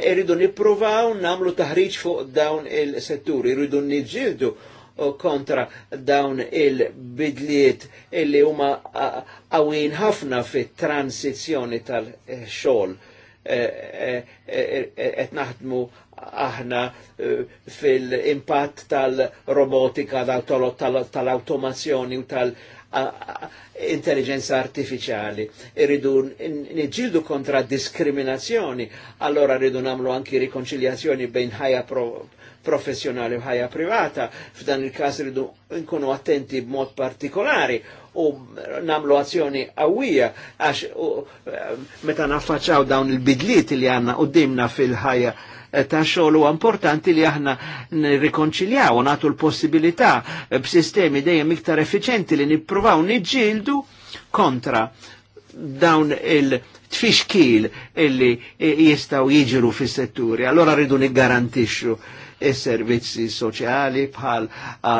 irridu nippruvaw namlu taħriġ fuq dawn il-setturi, irridu nġildu kontra dawn il-bidliet illi huma għawin ħafna fit-transizjoni tal xol et naħdmu aħna fil-impatt tal-robotika, tal-automazzjoni u tal- intelligenza artificiali. Irridu nġildu kontra diskriminazzjoni, allora rridu namlu anki rikonċiljazzjoni bejn ħajja professjonali b'ħajja ħajja privata, f'dan il-każ ridu nkunu attenti b'mod partikolari u namlu azzjoni qawwija għax meta naffaċċaw dawn il-bidliet li għandna dimna fil-ħajja eh, ta' xogħol huwa importanti li aħna nirrikonċiljaw u nagħtu l-possibilità eh, b'sistemi dejjem iktar effiċenti li nippruvaw niġġieldu kontra dawn il- tfixkil illi eh, jistaw jiġru fis setturi allora rridu niggarantixxu servizzi soċjali bħal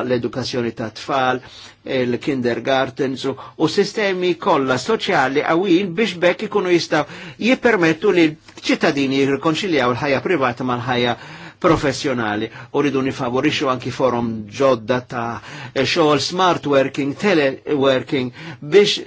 l-edukazzjoni ta' tfal, il-kindergartens u sistemi kollha soċjali għawin biex bekk ikunu jistaw jippermettu li ċittadini jirkonċiljaw l ħajja privata mal-ħajja professjonali u ridu nifavorixu anki forum ġodda ta' xogħol smart working, teleworking biex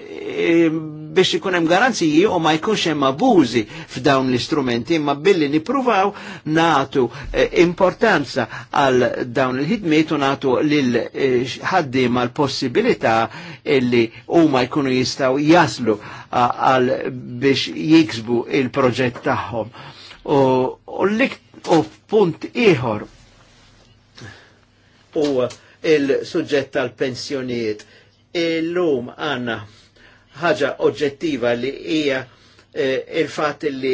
biex ikun hemm garanziji u ma jkunx hemm abużi f'dawn l-istrumenti imma billi nippruvaw nagħtu eh, importanza għal dawn il-ħidmiet u nagħtu lil eh, ħaddiema mal possibilità illi huma jkunu jistgħu jaslu għal biex jiksbu il-proġett tagħhom. U u punt ieħor u il-suġġett tal-pensjonijiet. Illum għanna ħaġa oġġettiva li hija eh, il-fat li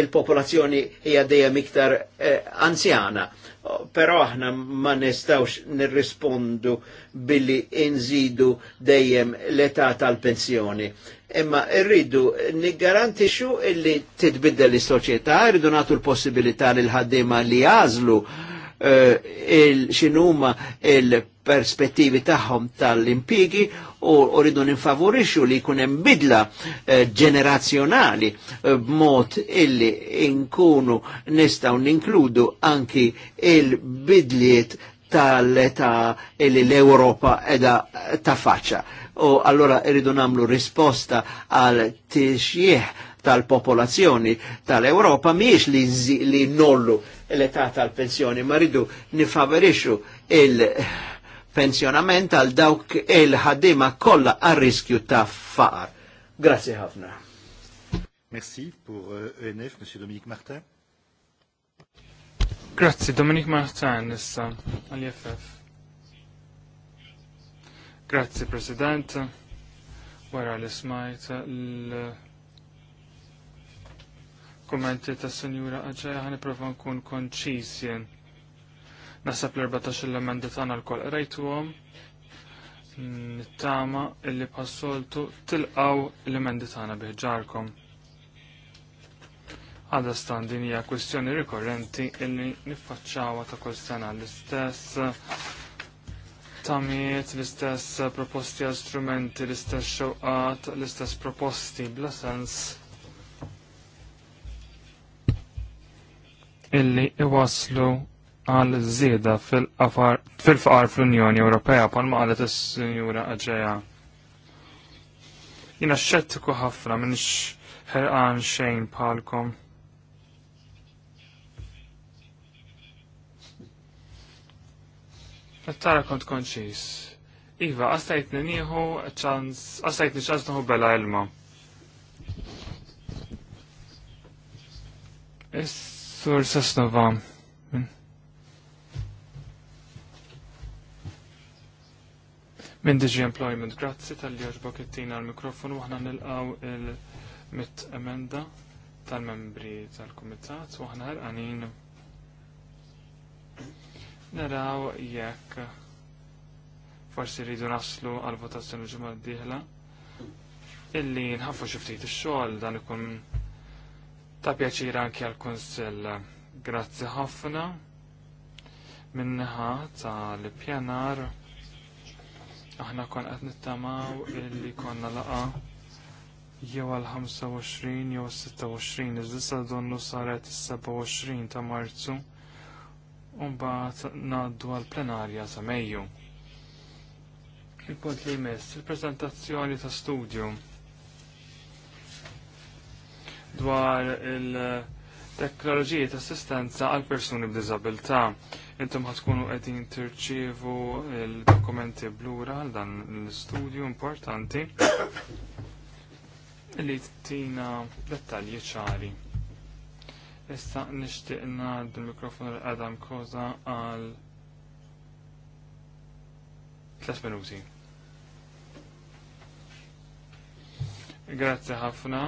il-popolazzjoni hija dejjem iktar eh, anzjana. Però aħna ma nistawx nirrispondu billi inżidu dejjem l-età tal-pensjoni. Imma rridu niggarantixxu illi titbidda l soċjetà rridu nagħtu l-possibilità lil ħaddiema li jażlu eh, il-xinuma il-perspettivi tagħhom tal impigi u rridu ninfavorixxu li jkun hemm bidla eh, ġenerazzjonali eh, b'mod illi nkunu nistgħu ninkludu anki il-bidliet tal-età illi l-Ewropa edha ta' faċċa. U allora rridu namlu risposta għal tixjieħ tal-popolazzjoni tal-Europa miex li, li nollu l-età tal-pensjoni, ma rridu nifavorixxu il- pensjonament għal dawk il-ħadima kollha għar-riskju ta' faqar. Grazie ħafna. Merci pour ENF, euh, e M. Dominique Martin. Grazie, Dominique Martin, nissa, għal-IFF. E Grazie, President. Wara l-ismajt l-kommenti ta' Senjura Aġeja ħani prova nkun konċisjen. Nasab l-14 l-emendi tagħna l-kol n nittama illi passoltu tilqaw l-emendi tagħna biħġarkom. Għada stan din hija kwestjoni rikorrenti illi nifacċawa ta' kull sena l-istess tamiet, l-istess proposti għal strumenti, l-istess xewqat, l-istess proposti bla sens illi iwaslu għal żieda fil-faqar fl-Unjoni Ewropea palma qalet s sinjura Aġeja. Jina xċettiku ħafna minn ħerqan xejn palkom. Tara kont konċis. Iva, għastajtni nieħu ċans, għastajtni ċans nħu bela ilma. Is-sur Sasnova. Minn Digi Employment, grazzi tal-li oġbok it-tina mikrofonu għahna nilqaw il-mit emenda tal-membri tal-komitat, u għahna għanin naraw jekk forsi rridu naslu għal-votazzjoni ġumma d illi nħaffu xiftit il-xol dan ikun ta' pjaċir anki għal-Konsil. Grazzi ħafna minnaħa tal-pjanar aħna kon qed nittamaw illi konna laqa jew għal 25 jew 26 iżda donnu saret is-27 ta' Marzu u mbagħad ngħaddu għal plenarja ta' Mejju. Il-punt li jmiss, il-preżentazzjoni ta' studju dwar il-teknoloġiji ta' assistenza għal persuni b'diżabilità Intom ħatkunu għedin tirċievu l-dokumenti blura għal dan l studio importanti li tina dettalji ċari. Issa nixtieq d l-mikrofon l Adam Koza għal 3 minuti. Grazie ħafna.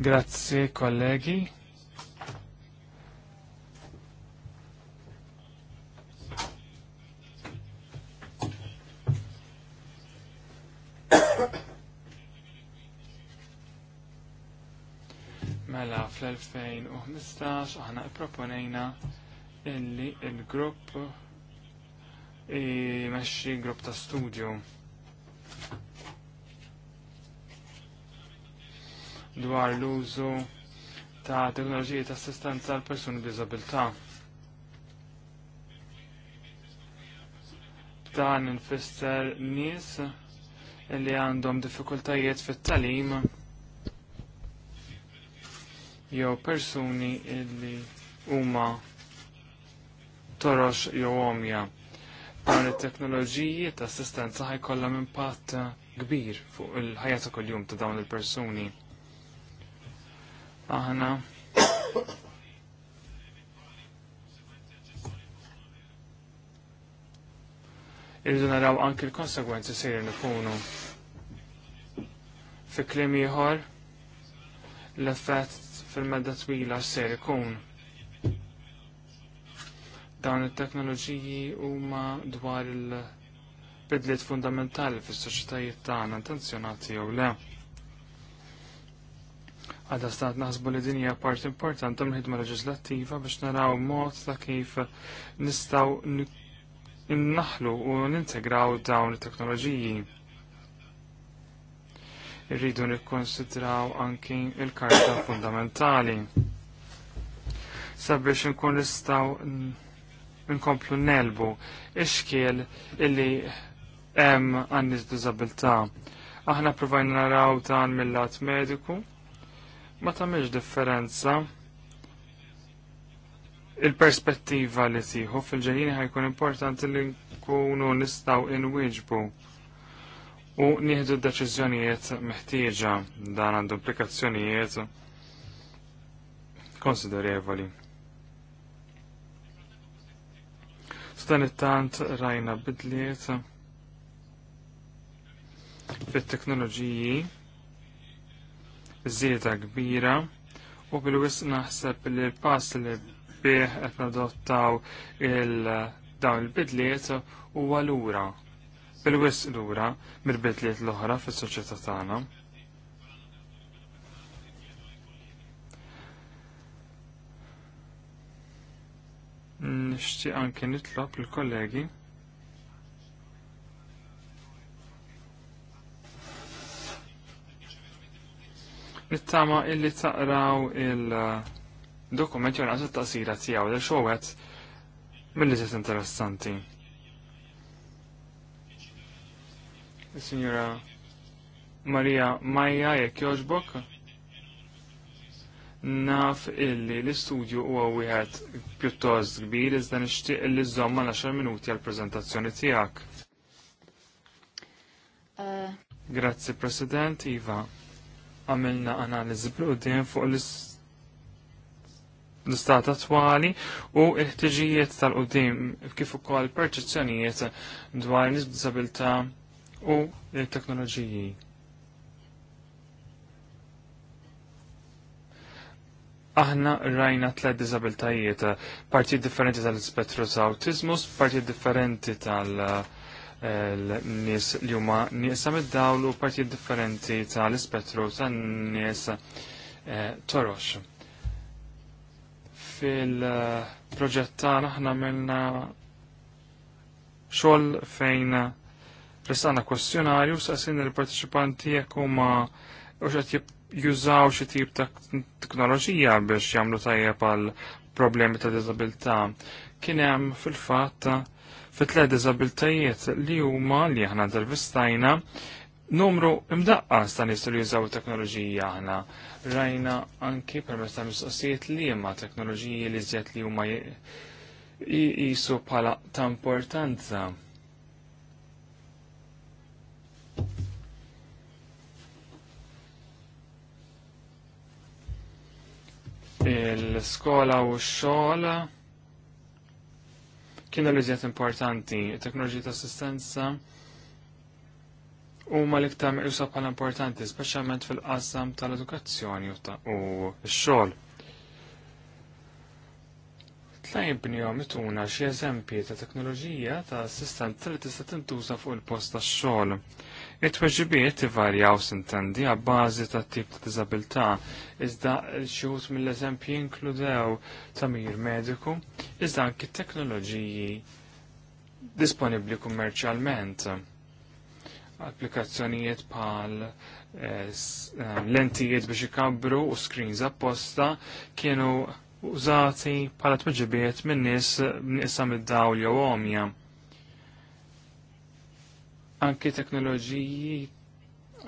Grazie kollegi. Mela fl-2015 aħna proponejna illi il-grupp imexxi grupp ta' studju dwar l-użu ta' teknoloġiji ta' assistenza għal persuni b'diżabilità. Dan infisser nies li għandhom diffikultajiet fit-talim jew persuni illi huma torox jew omja. Dan it-teknoloġiji ta' assistenza ħajkollhom impatt kbir fuq il-ħajja ta' kuljum ta' dawn il-persuni. Aħna irridu naraw anki l-konsegwenzi sejrin ikunu. Fi klim ieħor, l-effett fil-medda twila ser ikun. Dawn it-teknoloġiji huma dwar il-bidliet fundamentali fis-soċjetajiet tagħna intenzjonati jew le. Għadda stat naħsbu li dinja part importanti mill-ħidma leġislattiva biex naraw mod ta' kif nistaw naħlu u nintegraw dawn it-teknoloġiji irridu nikkonsidraw anki il-karta fundamentali. Sabiex nkun nistaw nkomplu nelbu ix-xkiel illi hemm għan-nies Aħna provajna naraw dan mill-lat mediku, ma tagħmilx differenza il-perspettiva li tieħu fil-ġejjini ħajkun importanti li nkunu nistgħu inwiġbu. In u nieħdu d-deċiżjonijiet meħtieġa dan għandu implikazzjonijiet konsiderevoli. Stan it-tant rajna bidliet fit-teknoloġiji żieda kbira u bil-wisq naħseb li l-pass li bih qed nadottaw il-dawn il-bidliet u għalura il-wis lura mill-bidliet l-oħra fis soċieta tagħna. Nixtieq anke nitlob il-kollegi nittama illi taqraw il-dokument jew naqsa taqsira tiegħu l-xowet mill-li interessanti. Signora Maria Maja jekk joġbok. Naf illi l-istudju huwa wieħed pjuttost kbir iżda nixtieq li żomma l-10 minuti għal preżentazzjoni tiegħek. Uh, Grazzi President Iva. Għamilna analiżi bludin fuq l-istat attwali u l-ħtiġijiet tal-qudiem kif ukoll perċezzjonijiet dwar disabilta' u il-teknoloġiji. Aħna rajna tlet diżabiltajiet parti differenti tal-spettru ta' autizmus, parti differenti tal-nies eh, li huma niesa mid-dawl u parti differenti tal-spettru tan-nies eh, torox. Fil-proġett eh, tagħna aħna għamilna xogħol fejn Restana kwestjonarju sin il-partiċipanti jekk huma x'qed jużaw xi tip ta' teknoloġija biex jagħmlu tajjeb għal problemi ta' diżabilità. Kien hemm fil-fatt fit tle diżabiltajiet li huma li aħna intervistajna numru imdaqqas ta' nies li jużaw teknoloġija aħna rajna anki permess ta' mistoqsijiet li jemma teknoloġiji li zjed li huma jisu bħala ta' importanza. il-skola u x-xogħol kienu l ġiet importanti, teknoloġija ta' assistenza huma l-iktar meqjusa bħala importanti, speċjalment fil-qasam tal-edukazzjoni u x-xogħol. Tlajbnihom ituna xi eżempji ta' teknoloġija ta' assistenza li tista' tintuża fuq il-post tax-xogħol It-tweġibiet varjaw sintandi għabbażi ta' tip ta' disabilità, iżda xut mill-eżempji inkludew tamir mediku, iżda anki teknoloġiji disponibli kummerċjalment. Applikazzjonijiet bħal eh, eh, lentijiet biex ikabru u screens apposta kienu użati bħala tweġibiet minn nies nisa mid-dawl jew omja Anki teknoloġiji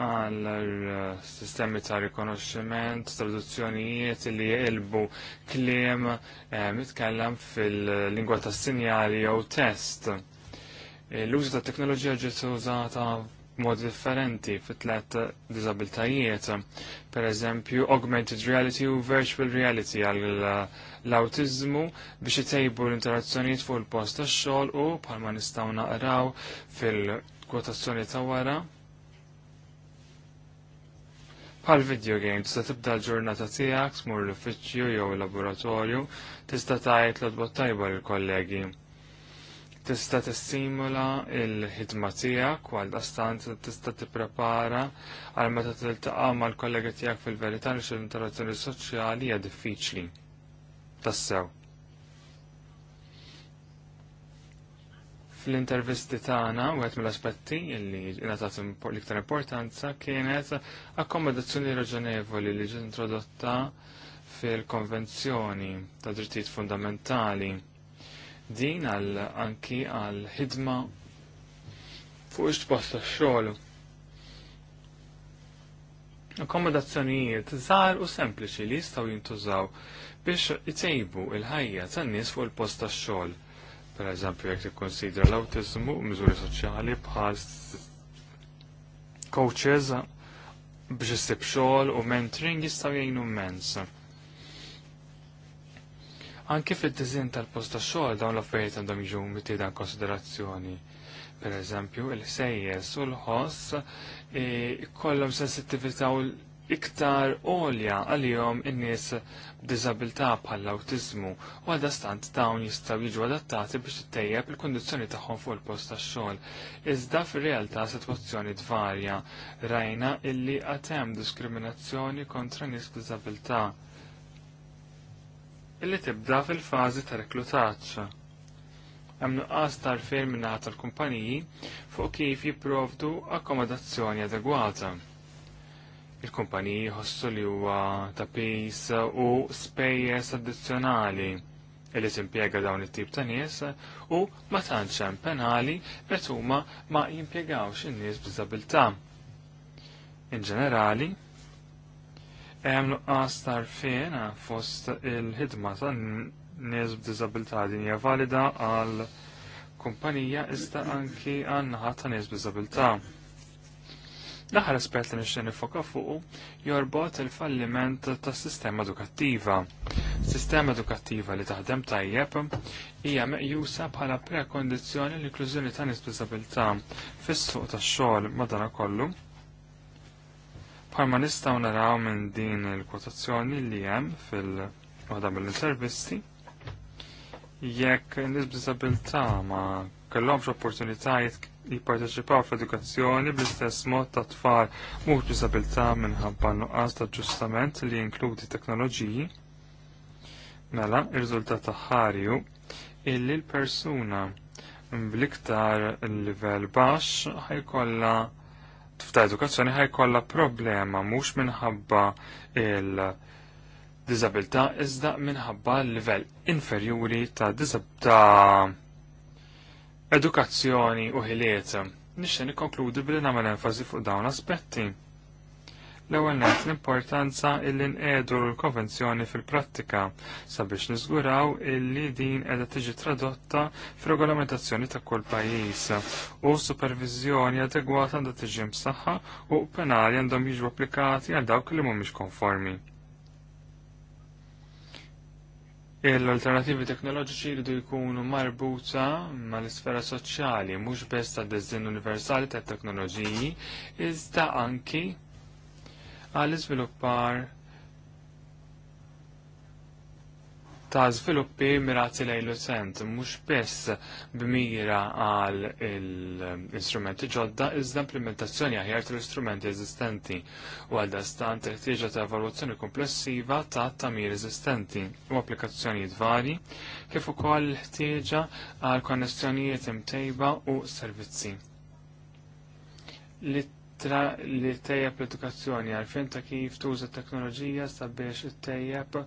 għal eh, sistemi ta' rikonoxximent, traduzzjonijiet li jelbu kliem eh, mitkellem fil-lingwa ta' sinjali jew test. Eh, l-użu ta' teknoloġija ġiet użata mod differenti fit-tlet diżabiltajiet, per eżempju augmented reality u virtual reality għall autizmu biex itejbu l-interazzjonijiet fuq il-post tax-xogħol u bħalma nistgħu naqraw fil- kwotazzjoni ta' wara. Pal video game, tista' tibda l-ġurnata tiegħek, smur l-uffiċċju jew il-laboratorju, tista' tajt l tajba lill-kollegi. Tista' tissimula l-ħidma tiegħek u għaldaqstant tista' tipprepara għal meta tiltaqa' mal kollegi tiegħek fil-verità li xi interazzjoni soċjali hija diffiċli. Tassew. Fl-intervisti tagħna wieħed mill-aspetti li ngħatat l-iktar importanza kienet akkomodazzjoni raġonevoli li ġiet introdotta fil-Konvenzjoni ta' Drittijiet Fundamentali. Din għal anki għal ħidma fuq ix posta xogħol Akkomodazzjonijiet żgħar u sempliċi li jistgħu jintużaw biex itejbu il-ħajja tan-nies fuq il-post tax-xogħol Per eżempju, jek tikkonsidra l-autizmu, miżuri soċjali bħal coaches biex issib xogħol u mentoring jistgħu jgħinu mens. Anke fid-diżin tal posta xogħol dawn l-affarijiet għandhom jiġu mitiedan konsiderazzjoni. Per eżempju, il-sejjes u l-ħoss e, kollhom sensittività u iktar għolja għal-jom in-nies b'diżabilità bħall-awtiżmu u għadastant dawn jistgħu jiġu adattati biex tejjeb il-kundizzjoni tagħhom fuq il-post tax-xogħol. Iżda fir-realtà sitwazzjoni tvarja rajna illi qatt hemm diskriminazzjoni kontra nies b'diżabilità illi tibda fil-fażi ta' reklutaċċ hemm nuqqas tal-ferm tal-kumpaniji fuq kif jipprovdu akkomodazzjoni adegwata il-kumpaniji jħossu li huwa ta' pejs u spejjeż addizzjonali li timpjega dawn it-tip ta' nies u ma tantx hemm penali meta huma ma jimpjegawx in-nies b'diżabilità. In ġenerali, hemm nuqqas tarfien fost il-ħidma ta' nies b'diżabilità din hija valida għal kumpanija iżda anki għan naħa ta' nies b'diżabilità. L-aħħar aspett li nixtieq nifoka fuqu jorbot il-falliment tas-sistema edukattiva. Sistema edukattiva li taħdem tajjeb hija meqjusa bħala prekondizzjoni l-inklużjoni ta' nies b'disabilità fis-suq tax-xogħol madanakollu. Bħalma nistgħu naraw minn din il-kwotazzjoni li hemm fil-waħda mill-intervisti jekk nies b'disabilità ma kellhomx opportunitajiet jipparteċipaw fl-edukazzjoni bl-istess mod ta' tfal mhux disabilità minħabba nuqqas ta' ġustament li jinkludi teknoloġiji. Mela, ir-riżultat ħarju illi l-persuna bl-iktar livell baxx ħajkollha ta' edukazzjoni ħajkollha problema mhux minħabba il- disabilità iżda minħabba l-livell inferjuri ta' disabilità edukazzjoni u ħiliet. Nixxen nikkonkludi billi nagħmel enfasi fuq dawn aspetti. L-ewwel nett l-importanza illi nqedu l-konvenzjoni fil-prattika sabiex niżguraw illi din qiegħda tiġi tradotta fir-regolamentazzjoni ta' kull pajjiż u supervizjoni adegwata għandha tiġi msaħħa u penali għandhom jiġu applikati għal dawk li mhumiex konformi. l-alternativi teknoloġiċi jridu jkunu marbuta mal-isfera soċjali, mhux biss ta' deżin universali ta' teknoloġiji, iżda anki għal iżviluppar ta' sviluppi mirati lejn l-utent, mhux biss b'mira għal l instrumenti ġodda, iżda implementazzjoni aħjar tal-istrumenti eżistenti u għal dastan teħtieġa ta' evalwazzjoni komplessiva ta' tamir eżistenti u applikazzjonijiet vari, kif ukoll ħtieġa għal konnessjonijiet imtejba u servizzi. Tra li tejjeb l-edukazzjoni għalfejn ta' kif tuża teknoloġija sabiex ittejjeb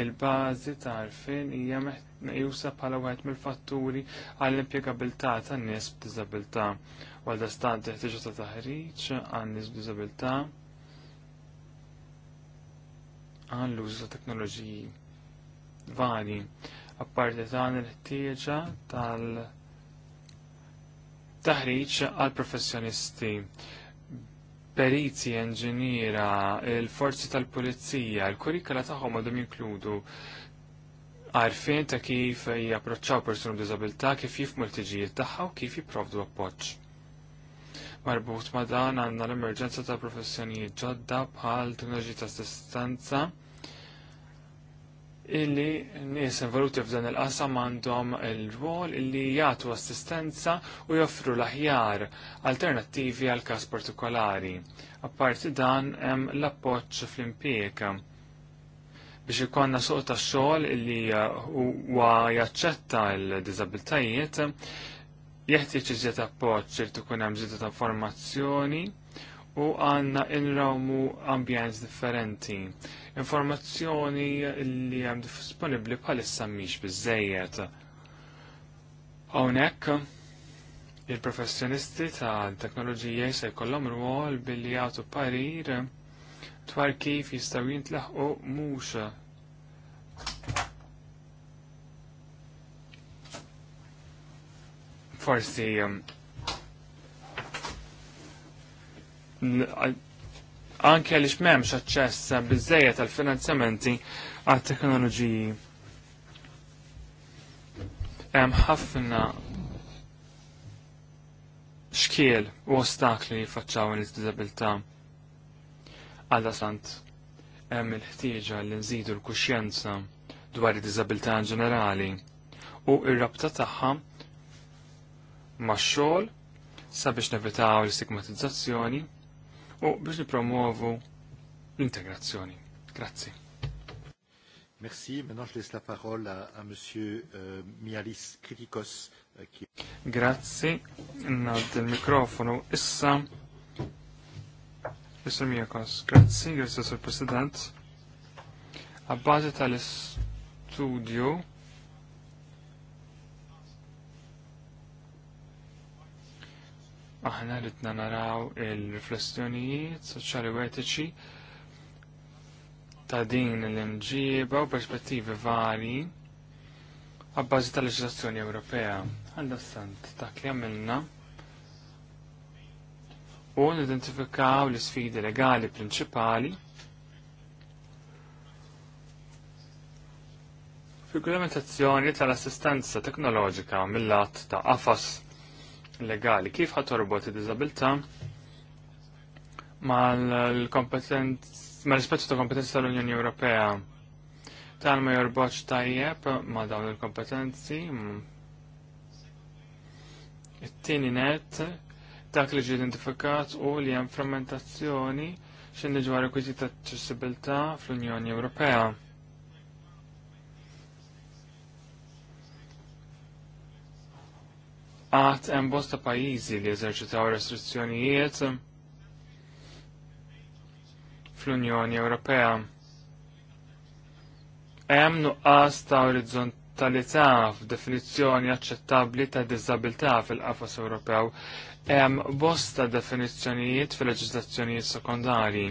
il-bażi ta' għalfejn hija meqjusa bħala wieħed mill-fatturi għall-impjegabilità tan-nies b'diżabilità. Għalda dastant teħtieġu ta' taħriġ għan-nies b'diżabilità għan l-użu ta' teknoloġiji vari. Apparti dan il-ħtieġa tal- taħriġ għal professjonisti perizi, enġiniera, il-forzi tal-pulizija, il-kurikula tagħhom għadhom jinkludu għarfien ta' kif japproċċaw persuna b'diżabilità, kif jifmu l-tiġijiet tagħha u kif jipprovdu appoġġ. Marbut ma' dan għandna l-emerġenza ta' professjonijiet ġodda bħal teknoloġi ta' assistenza illi nies involuti f'dan il-qasam għandhom il-rwol illi jagħtu assistenza u joffru l-aħjar alternattivi għal każ partikolari. Apparti dan hemm l-appoġġ fl-impjieg biex ikonna suq ta' xogħol illi uh, huwa jaċċetta l-diżabiltajiet jeħtieġ iżjed appoġġ irid ikun hemm żieda ta' formazzjoni u għanna inrawmu ambjans differenti. Informazzjoni li għam disponibli bħalissa miex bizzejiet. Hawnhekk il-professjonisti ta' teknoloġija se jkollhom rwol billi jagħtu parir twar kif jistgħu jintlaħqu mhux forsi anke għaliex m'hemmx aċċess bizzejet għal finanzjamenti għal teknoloġiji Hemm ħafna xkiel u ostakli li faċċaw il-disabilità. Għadda sant, hemm il-ħtieġa li nżidu l-kuxjenza dwar id diżabilità ġenerali u r rabta tagħha max-xogħol sabiex nevitaw l-stigmatizzazzjoni u biex nipromuovu l-integrazzjoni. Grazzi. Merci. Maintenant, je laisse la parole à, à Monsieur euh, Mialis Kritikos. Euh, qui... Grazie. Nad il microfono essa, monsieur Mialis, grazie, grazie le President. A base tal-studio aħna ritna naraw il-riflessjonijiet soċjali u etiċi ta' din l-imġiba u perspettivi vari għabbażi tal-leġislazzjoni Ewropea. Għandastant, ta' li għamilna u nidentifikaw l-sfidi legali prinċipali fil-implementazzjoni tal-assistenza teknoloġika mill-lat ta' AFAS legali. Kif torbot id-dizabilta mal-rispettu ta' kompetenzi tal-Unjoni Ewropea? Tal ma jorboċ tajjeb ma' dawn il-kompetenzi. It-tieni net dak li ġi identifikat u li hemm frammentazzjoni x'indiġwa rekwiżiti ta' ċessibilità fl-Unjoni Ewropea għat hemm bosta pajjiżi li eżerċitaw restrizzjonijiet fl-Unjoni Ewropea. Hemm nuqqas ta' orizzontalità f'definizzjoni aċċettabbli ta' diżabilità fil-qafas Ewropew. Hemm bosta definizzjonijiet fil-leġiżlazzjonijiet sekondarji.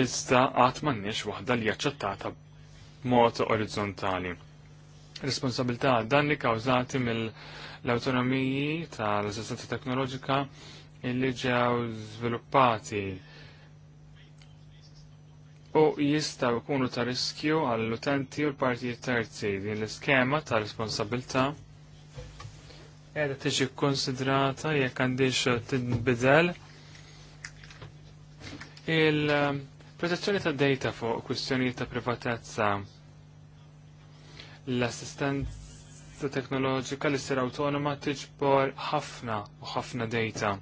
Iżda għat m'għandniex waħda li aċċettata b'mod orizzontali. Responsabilità danni kawżati mill- l-autonomiji tal-assistenza teknoloġika illi ġew żviluppati u jistaw ikunu ta' riskju għall-utenti u l-partijiet terzi din l-iskema ta' responsabilta qiegħda tiġi konsidrata jekk għandix tinbidel il-protezzjoni ta' data fuq kwistjonijiet ta' privatezza l-assistenza ta' teknoloġika li ser autonoma tiġbor ħafna u ħafna data.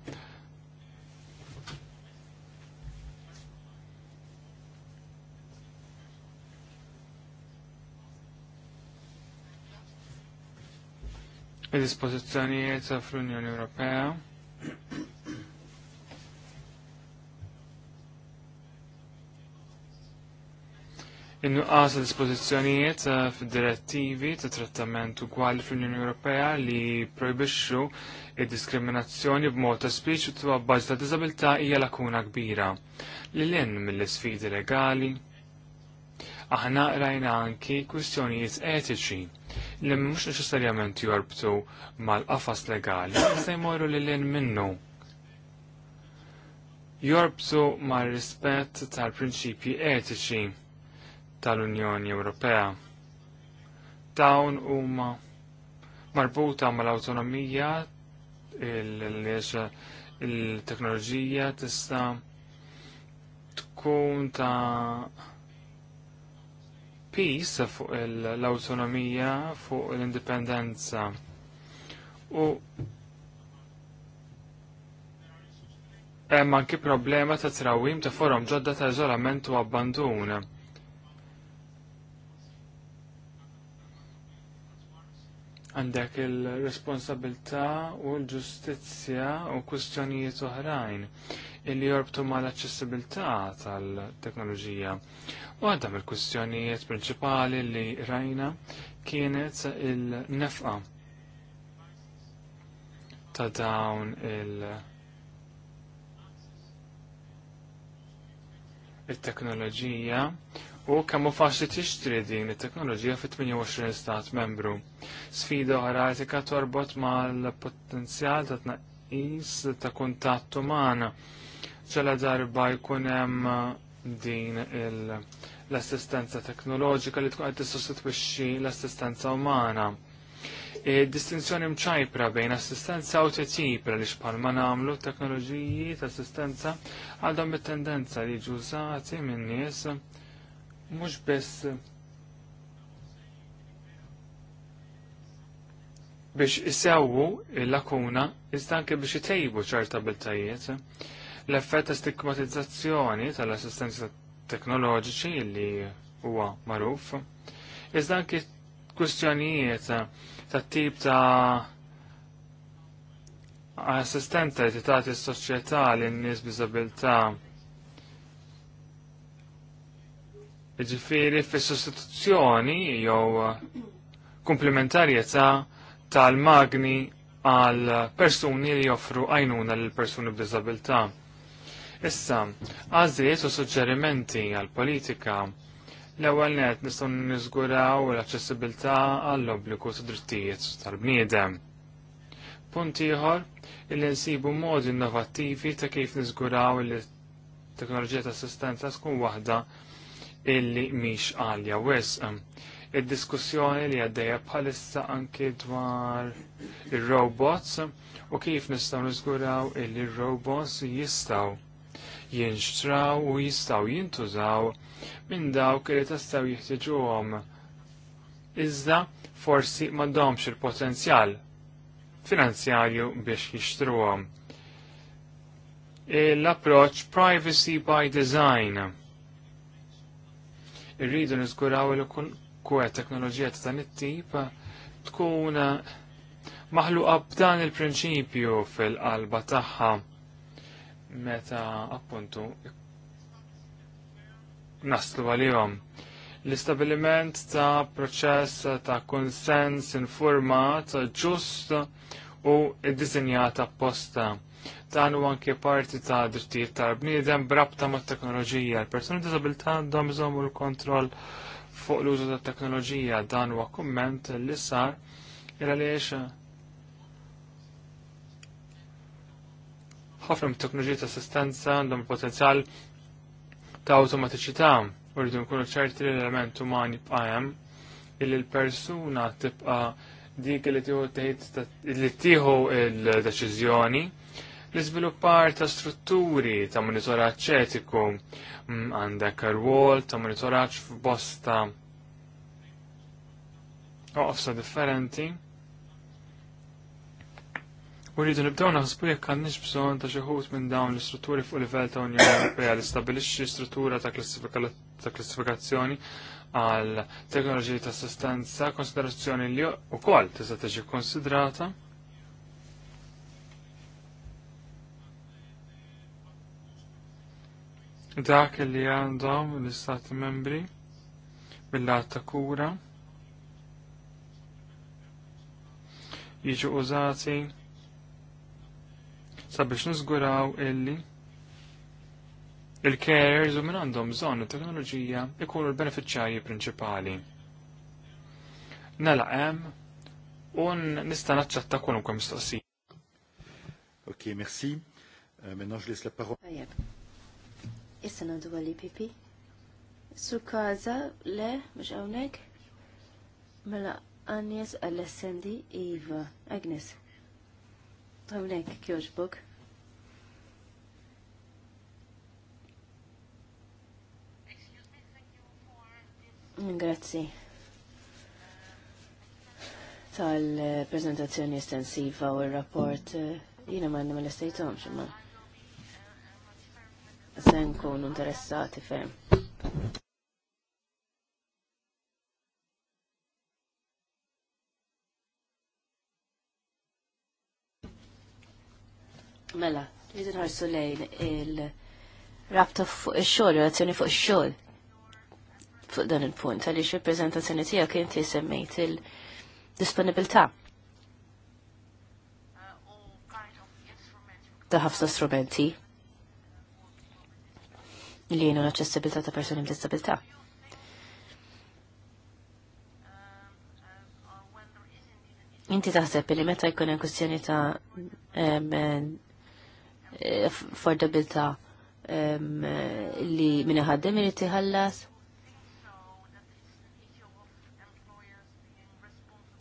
Il-dispożizzjonijiet fl-Unjoni Ewropea In-nuqqas dispożizzjonijiet eh, fid-direttivi ta' trattament ugwali fl-Unjoni Ewropea li projbixxu id-diskriminazzjoni b'mod ta' speech u t bazz ta' disabilità hija lakuna kbira. l in mill-isfidi legali, aħna rajna anki kwistjonijiet etiċi li mhux neċessarjament jorbtu mal-qafas legali se jmorru li lin minnu. Jorbtu mal-rispett tal-prinċipji etiċi tal-Unjoni Ewropea. Dawn huma marbuta mal-awtonomija il-teknoloġija tista' tkun ta' peace fuq l-autonomija fuq l-indipendenza. U hemm anki problema ta' trawim ta' forom ġodda ta' iżolament u abbandun għandek il-responsabilità u l-ġustizzja u kwistjonijiet oħrajn illi jorbtu mal aċċessibilità tal-teknoloġija. U għadda mill kwistjonijiet prinċipali li rajna kienet il-nefqa ta' dawn il- il-teknoloġija u kemm hu faċli tixtri din it-teknoloġija fit-28 stat membru. Sfida oħra etika torbot mal-potenzjal ta' tnaqqis ta' kuntatt umana. Ċela darba jkun hemm uh, din l-assistenza teknoloġika li tkun qed tissostitwixxi l-assistenza umana. Distinzjoni mċajpra bejn assistenza u t-tip li xpalma namlu teknoloġiji ta' assistenza għadhom bit-tendenza li ġużati minn nies mhux biss biex isewwu l-lakuna iżda anke biex itejbu ċerta biltajiet l-effett ta' stigmatizzazzjoni tal-assistenza teknoloġiċi li huwa magħruf iżda anke kwistjonijiet ta' tip ta' assistenta li tagħti s-soċjetà lin-nies biżabilità' Ġifiri fis-sostituzzjoni jew uh, komplementarjetà tal-magni għal persuni li joffru għajnuna l persuni b'diżabilità. Issa, għażliet u suġġerimenti għal politika l-ewwel net nistgħu niżguraw l-aċċessibilità għall-obbligu ta' drittijiet tal-bniedem. Punt ieħor illi nsibu modi innovattivi ta' kif niżguraw li teknoloġija ta' assistenza tkun waħda illi miex għalja wess. Id-diskussjoni li għaddejja bħalissa anki dwar il-robots u kif nistaw nizguraw illi robots jistaw jinxtraw u jistaw jintużaw minn dawk li tastaw jihtiġuhom. Iżda forsi m'għandhomx il-potenzjal finanzjarju biex jixtruhom. l approach privacy by design Irridu niżguraw li kull kwa teknoloġija ta' dan it-tip tkun maħluqa b'dan il-prinċipju fil-qalba tagħha meta appuntu naslu għalihom. L-istabiliment ta' proċess ta' konsens informat ġust u id-dizinjat apposta. Dan u anke parti ta' drittijiet ta' bniedem brabta ma' teknoloġija. Persuni disabilità għandhom iżommu l-kontroll fuq l-użu ta' teknoloġija. Dan huwa kumment li sar il għaliex ħafna mit-teknoloġija ta' assistenza għandhom potenzjal ta' awtomatiċità u rridu nkunu ċerti l-element umani b'qajem illi l-persuna tibqa dik li tieħu li tieħu il-deċiżjoni l-iżviluppar ta' strutturi ta' monitoraġġ ċetiku mm, għandek rwol ta' monitoraġġ f'bosta oqsa differenti. U rridu nibdew naħsbu jekk għandniex bżonn ta' xi minn dawn l-istrutturi fuq livell ta' Unjoni Ewropea li stabbilixxi struttura ta' klassifikazzjoni għal teknoloġiji ta' assistenza, konsiderazzjoni li wkoll tista' tiġi konsidrata. dak li għandhom l-Istati membri bil-lat ta' kura jiġu użati sabiex nizguraw illi il-carers u minn għandhom bżonn it-teknoloġija ikunu l-beneficjarji prinċipali. Nela hemm u nista' naċċetta kwalunkwe mistoqsija. Ok, merci. Uh, maintenant je laisse la parole. Issa nadu għalli pipi. Su kaza, le, mux għawnek. Mela, Agnes Alessendi Iva. Agnes. Għawnek, kjoġbok. Grazzi tal-prezentazzjoni estensiva u r rapport eh, jina ma' n-nimel estajtom xumma se nkunu interessati ferm. Mela, rridu ħarsu lejn il-rabta fuq ix-xogħol, relazzjoni fuq ix-xogħol. Fuq dan il-punt, għaliex il-preżentazzjoni tiegħek inti semmejt il-disponibilità. Ta' ħafna strumenti li jenu l-accessibilità ta' persuni b'disabilità. Inti taħseb li meta jkun hemm kwestjoni ta' eh, affordabilità li min iħaddem irid tiħallas.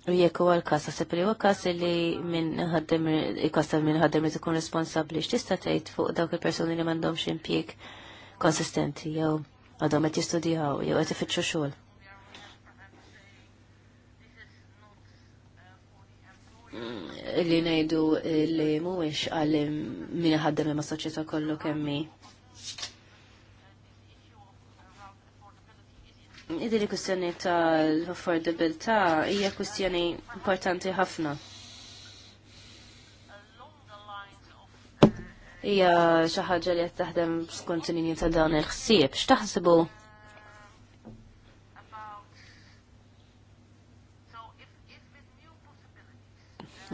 U jekk huwa l-każ taħseb li huwa każ li minn ħaddem il-każ minn ħaddem irid ikun responsabbli x'tista' tgħid fuq dawk il-persuni li m'għandhomx impjieg konsistenti jew għadhom qed jistudjaw jew qed ifittxu xogħol. Mm, li ngħidu li mhuwiex għal min ħaddem ma' soċjetà kollu kemm Idi li kwistjoni tal-affordabilità hija kwistjoni importanti ħafna. hija xi ħaġa li qed taħdem ta' dawn il-ħsieb. X'taħsibu?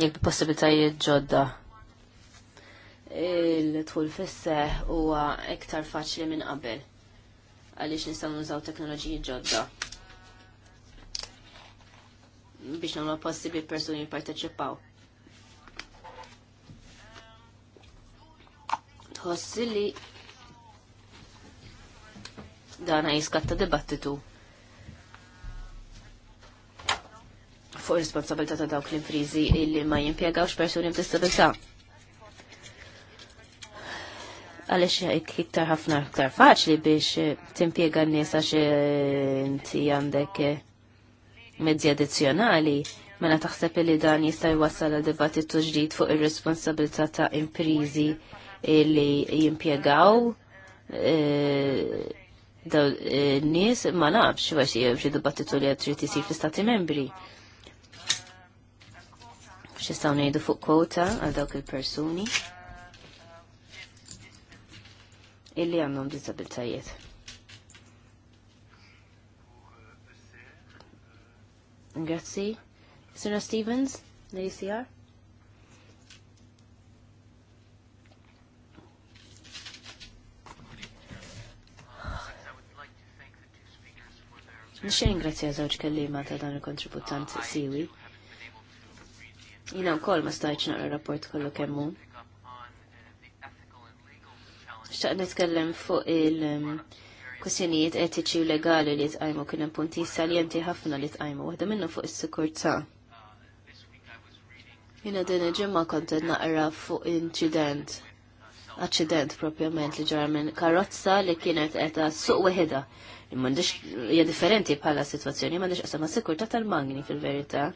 Jekk possibilitajiet ġodda il-tħul fisseħ huwa iktar faċli minn qabel għaliex nistgħu nużaw teknoloġiji ġodda biex nagħmlu possibbli persuni jipparteċipaw tħossi li dana jiskatta dibattitu fuq responsabilità ta' dawk l-imprizi illi ma jimpiegawx persuni b'disabilità. Għalix iktar ħafna iktar faċli biex eh, timpiega n-nies għax eh, inti għandek eh, mezzi addizzjonali, mela taħseb li dan jista' jwassal għal dibattitu ġdid fuq ir-responsabilità ta' imprizi li jimpiegaw e, daw e, n-nies ma nafx għax jibġi dibattitu li għatrid isir fl istati membri. X'istgħu ngħidu fuq kwota għal dawk il-persuni illi għandhom disabiltajiet. Grazzi. Sina Stevens, l-ACR. Nixxie ringrazzja żewġ kellima ta' dan il-kontributant siwi. Jina wkoll ma stajċ naqra rapport kollu kemmu. Xtaq nitkellem fuq il- kwestjonijiet etiċi u legali li tqajmu kien hemm punti saljenti ħafna li tqajmu waħda minnhom fuq is-sikurtà. Jiena din il-ġimgħa kont naqra fuq inċident aċċident propjament li ġara minn karozza li kienet qed suq weħida. M'għandix hija differenti bħala sitwazzjoni, m'għandix qasam ma' sikurtà tal-magni fil-verità.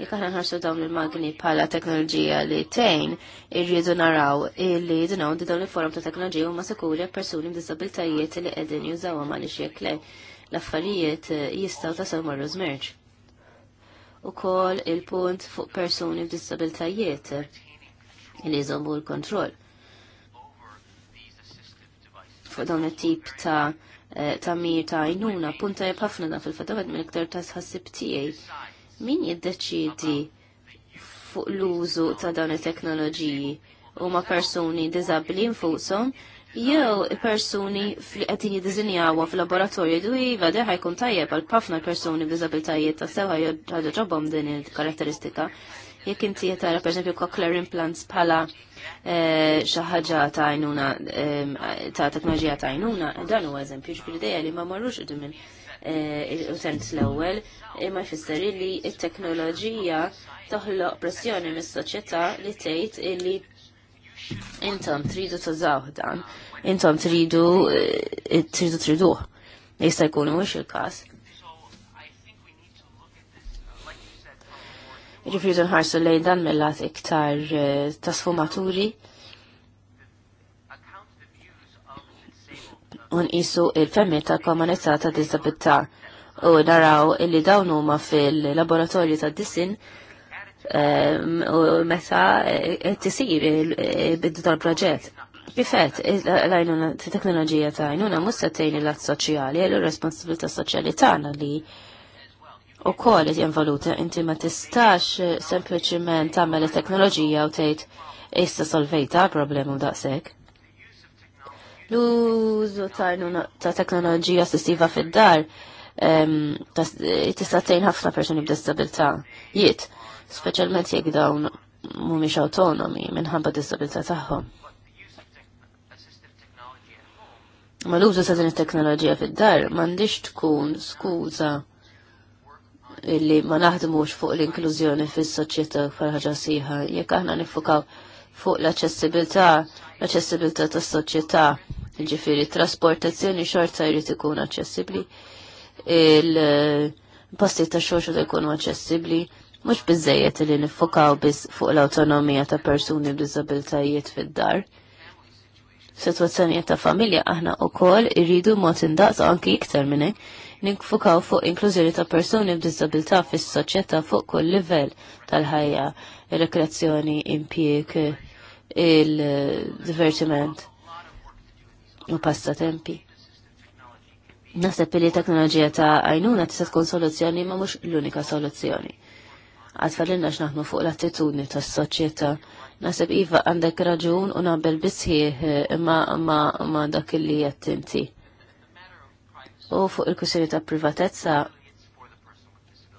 Jekk aħna nħarsu dawn il-magni bħala teknoloġija li tejn irridu naraw li dinaw di dawn il-forum ta' teknoloġija huma sikuri persuni b'disabilitajiet li qegħdin jużawha għaliex jekk le l-affarijiet eh, jistgħu tasal marru żmerġ Ukoll il-punt fuq persuni b'disabilitajiet li jżommu l-kontroll. Fuq dawn it-tip ta' eh, ta' mir ta' jnuna, punta ħafna dan fil-fatawet minn iktar ta' sħassib tiegħi. Min jiddeċidi fuq l-użu ta' dawn it-teknoloġiji u ma' persuni dizabli nfushom jew persuni li qed jiddiżinjawha fil-laboratorju du iva deħa jkun tajjeb għal ħafna persuni b'diżabiltajiet ta' sewa jgħadu ġobhom din il-karatteristika. Jekk inti qed tara pereżempju cochlear implants bħala eh, xi ħaġa ta' għajnuna eh, ta' teknoloġija ta' għajnuna, dan huwa eżempju ġifieri dejja li ma marrux qudiem eh, il-utent l-ewwel imma jfisser li t-teknoloġija toħloq pressjoni mis-soċjetà li tgħid illi intom tridu tużaw dan, intom tridu tridu triduh. Jista' jkun mhux il-każ. Rifridu nħarsu lejn dan mill iktar eh, tasfumaturi. isu il-femmi ta' komunità ta' disabilità u naraw illi dawn huma fil-laboratorju ta' disin eh, u meta eh, tisir biddu tal-proġett. Bifet, l-għajnuna, t-teknologija ta' għajnuna musta tejni l-għat soċjali, l-responsabilità soċjali tagħna li u koll li valuta inti ma tistax eh, sempliciment tagħmel it-teknoloġija u tgħid issa solvejta problemu daqshekk. L-użu ta' teknoloġija assistiva fid-dar eh, tista' tgħin ħafna persuni b'disabilità. Jiet, speċjalment jekk dawn mhumiex autonomi minħabba disabilità tagħhom. Ma l-użu ta' din it-teknoloġija fid-dar m'għandix tkun skuża Illi ma naħdmux fuq l-inklużjoni fis-soċjetà ħaġa siħa. Jekk aħna nifukaw fuq l-aċċessibilità, l-aċċessibilità tas-soċjetà, ġifieri trasportazzjoni xorta jrid ikun aċċessibbli, il posti ta' xogħol xorta jkunu aċċessibbli, mhux biżejjed li nifukaw biss fuq l-awtonomija ta' persuni b'diżabiltajiet fid-dar situazzjonijiet ta' familja aħna u koll irridu mod indaqs anki iktar minnek ninkfukaw fuq inklużjoni ta' persuni b'disabilità fis-soċjetà fuq kull livell tal-ħajja, rekreazzjoni, impjieg, il-divertiment u passatempi. Naħseb li teknoloġija ta' għajnuna tista' tkun soluzzjoni ma mhux l-unika soluzzjoni. Għatfallinna x'naħdmu fuq l-attitudni tas-soċjetà Naħseb Iva għandek raġun u nabel bisħieħ ma, ma, dak li jattinti u fuq il-kwissjoni ta' privatezza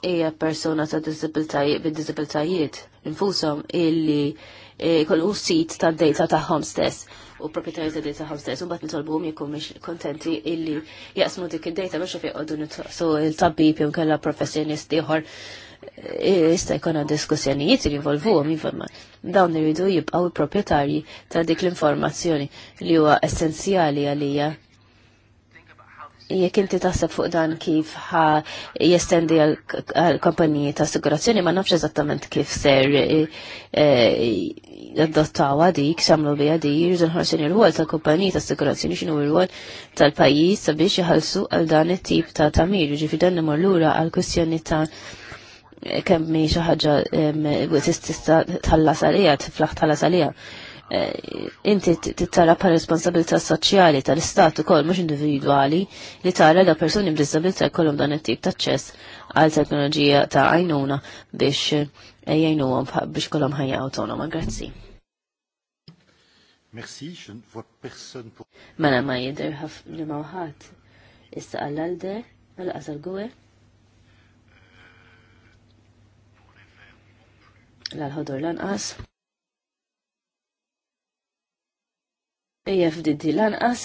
hija persona ta' disabilitajiet infushom illi jkollu e, sit ta' data tagħhom stess u proprjetarju ta' data tagħhom stess u mbagħad nitolbuhom jkun mhix kontenti illi jaqsmu dik id-data biex jqogħdu nitqsu il-tabib jew kellha professjonist ieħor jista' e, jkun għand diskussjonijiet li jinvolvuhom jinforma. Iva, dawn iridu jibqgħu il-proprjetarji ta' dik l-informazzjoni li huwa essenzjali għalija jekk inti taħseb fuq dan kif ħa jestendi għal kompaniji ta' assigurazzjoni ma nafx eżattament kif ser jaddottaw eh, eh, dik, xamlu bi għadik, jirżu ħarsin il-wol tal-kompaniji ta' assigurazzjoni xinu il-wol tal-pajis sabiex jħalsu għal dan it-tip ta' tamir, ġifi dan l lura għal kustjoni ta' kemm mi xi ħaġa tista' tħallas għalija, tiflaħ tal għalija. Eh, inti tittara pa' responsabilità soċjali tal-istat kol mhux individwali li tara da persuni b'disabilità jkollhom dan it-tip ta' ċess għal teknoloġija ta' għajnuna biex eh, għom biex kolum ħajja awtonoma. Grazzi. Merci, je ne vois personne pour... Mela ma jidher li ma Issa għall-alde, għal-qasal gwe. L-għal-ħodur lanqas. AFDD e lanqas.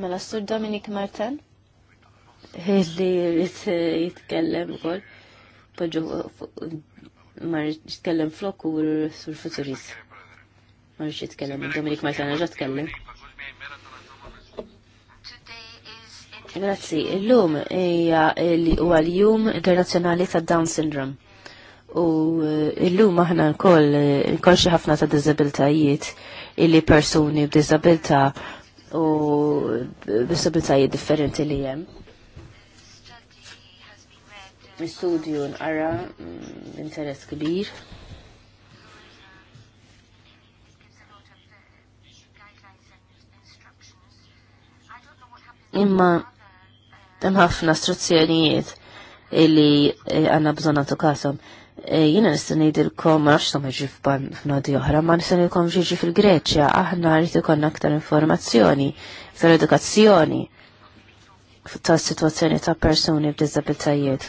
Mela Sur Dominik Martin illi jrid jitkellem ukoll poġu ma jitkellem flok u sur futuris. Ma jitkellem Dominik Martin ġa tkellem. Grazzi, illum hija u għal jum internazzjonali tad-Down syndrome. U eh, illum aħna nkoll nkoll eh, ħafna ta' diżabiltajiet illi persuni b'diżabilità u b'diżabiltajiet differenti li hemm. Mistudju nqara mm, interess kbir. Imma hemm ħafna struzzjonijiet illi eh, għandna bżonn nagħtu kasom Eh, jina nistan ngħidilkom ma nafx somma ġi f'nodi oħra, ma nistan ngħidilkom ġiġi fil-Greċja, aħna rrid ikollna aktar informazzjoni, aktar edukazzjoni ta' situazzjoni ta' persuni b'diżabilitajiet.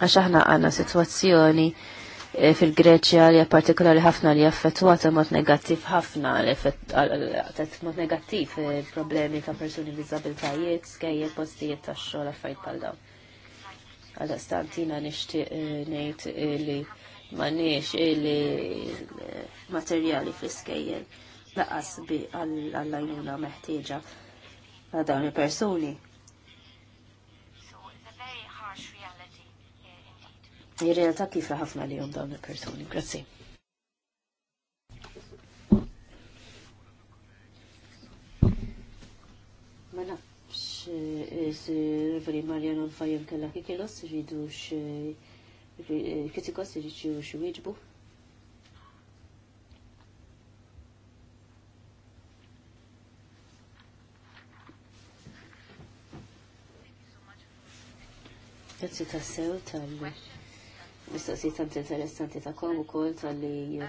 Għax aħna għandna situazzjoni eh, fil-Greċja li partikolari ħafna li affettwata mod negattiv ħafna mod negattiv eh, problemi ta' persuni b'diżabilitajiet, skajiet, postijiet ta' xogħol affarijiet bħal dawn. Għal-stantina nishtiq eh, nejt eh, li ma nix eh, li materjali fiskejjen laqas bi għall-għajnuna meħtieġa għal dawn il Ir-realtà kif ħafna li jom dawn il-persuni. Grazzi. Ma mela. naf s-Reveri Marjan Onfajem kalla kikilos rridu kritikos rridu xwieġbu. ta' sew tal- mistoqsijiet tant interessanti ta' kom u kol tal-li eh,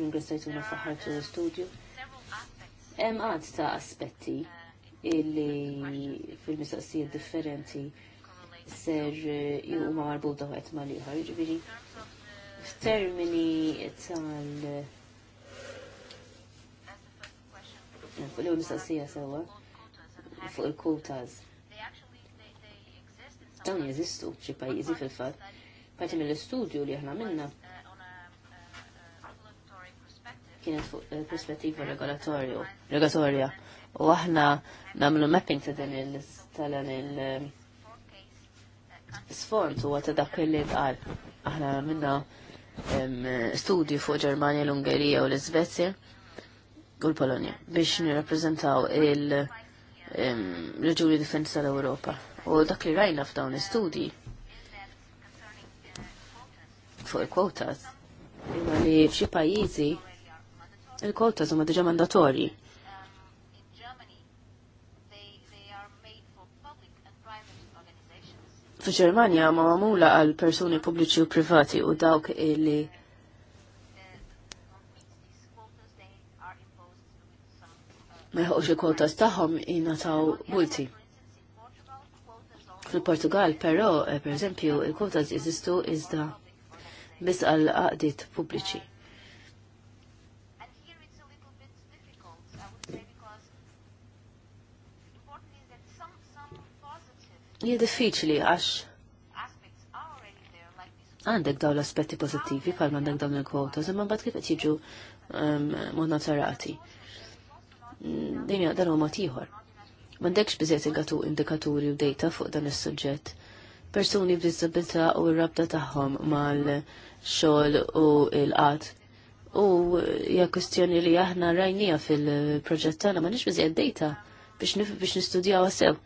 ringrazzajtuna faħartu l-studio. Hemm għad ta' aspetti illi fil-mistaqsijiet differenti ser eh, ma marbuta għet ma mal Ġibiri, f-termini tal fuq il mistaqsija sewa, fuq il-quotas. Dan jeżistu f'xi pajjiżi fil-fatt. Parti mill-istudju li aħna minna kienet fuq eh, perspettiva regolatorju, regolatorja. U aħna namlu mapping ta' din il eh, sfond huwa ta' dak li għal. Aħna minna studju fuq Ġermania, l-Ungerija u l svezja u l-Polonja biex nirrappreżentaw il-reġuni differenti tal-Ewropa. U dak li rajna f'dawn l-istudji fuq il-kwotas imma li f'xi pajjiżi il zuma huma diġà mandatorji. Fil-Ġermania ma magħmula għal persuni pubbliċi u privati u dawk illi ma jħuqx il-kwotas tagħhom multi. Fil-Portugal, però, eh, per eżempju, il-kwotas jeżistu iżda bis għal qaqdiet pubbliċi. hija diffiċli għax għandek daw l-aspetti pozittivi pal għandek dawn il-kwotas, zemma mbagħad kif qed jiġu ehm, monnazzarati. Din dan huwa ieħor. M'għandekx biżejjed ingatu indikaturi u data fuq dan is-suġġett. Persuni b'diżabilità u r taħħom tagħhom mal-xogħol u l-qatt u hija kwestjoni li aħna rajnija fil-proġett tagħna ma nix biżejjed data biex nistudjaw sew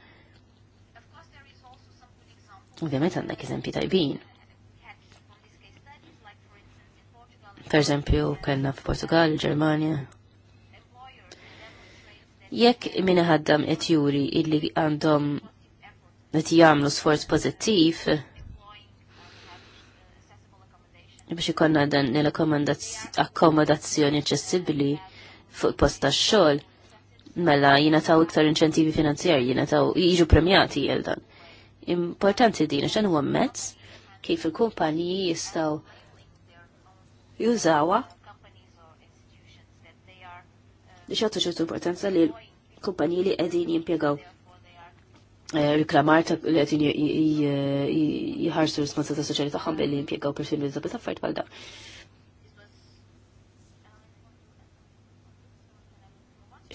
Ovvjament għandek eżempji tajbin. Per eżempju, kellna f'Portugal, Ġermanja. Jekk minn ħaddam qed juri illi għandhom qed jagħmlu sforz pożittiv, biex ikonna dan l-akkomodazzjoni ċessibli fuq post tax-xogħol, mela jina taw iktar inċentivi finanzjarji, jingħataw taw jiġu premjati għal dan importanti din xan huwa mezz kif il-kumpaniji jistgħu jużawa biex jagħtu ċertu importanza li l-kumpaniji li għedin jimpiegaw eh, reklamar ta' li għedin jħarsu responsabilità soċjali taħħom billi jimpiegaw persuni li zabbet affarijiet bħal dawn.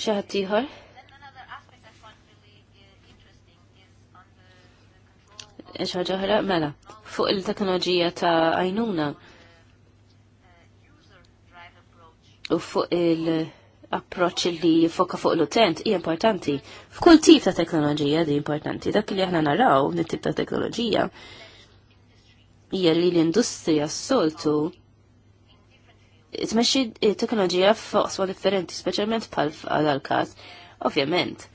Xaħat ħadd ċaġa mela, fuq il-teknoloġija ta' għajnuna u fuq il-approċ li jifoka fuq l-utent hija importanti. F'kull tip ta' teknoloġija di importanti, dak li aħna naraw nit tip ta' teknoloġija hija li l-industrija s-soltu it-meċi teknoloġija f'oqsma differenti, speċjalment bħal għal-każ. Ovvjament,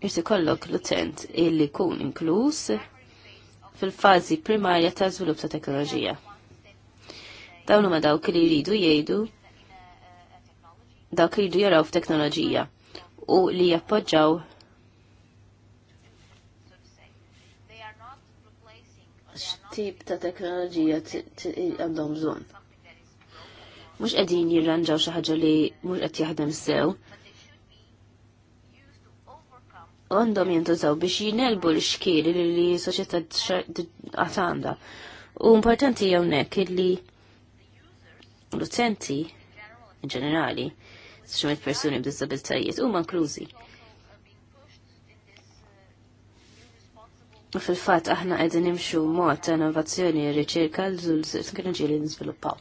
Irsi kollok l-utent illi kun inkluż fil-fazi primarja ta' żvilupp ta' teknoloġija. Dawn huma dawk li jridu jgħidu dawk li jridu jaraw f'teknoloġija u li jappoġġaw x'tip ta' teknoloġija għandhom bżonn. Mhux qegħdin jirranġaw xi ħaġa li mhux qed jaħdem sew, għandhom jintużaw biex jinelbu l xkir li soċieta għatanda. U importanti jawnek li l-utenti ġenerali, s-xumet personi b'dizabiltajiet, u manklużi. U fil-fat aħna għedin imxu mod ta' innovazzjoni u riċerka l-teknoloġi li nizviluppaw.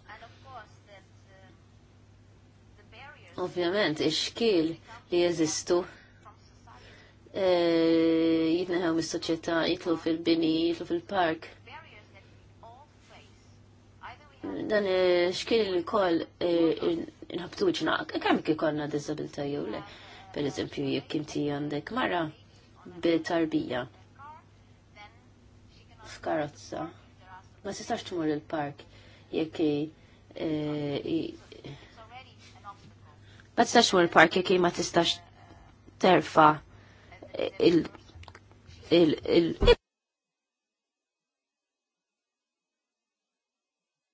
Ovvjament, ix-xkil li jeżistu Eh, jitnaħaw mis-soċjetà, jitlu fil-bini, jitlu fil-park. Dan eh, xkien li kol eh, nħabtu ġnaq, kemm kif ikollna dizabilta jowle, le. Per eżempju, jekk inti għandek mara bitarbija f'karozza, ma tistax tmur il-park jekk ma tistax mur il-park jekk ma tistax terfa' il, il, il,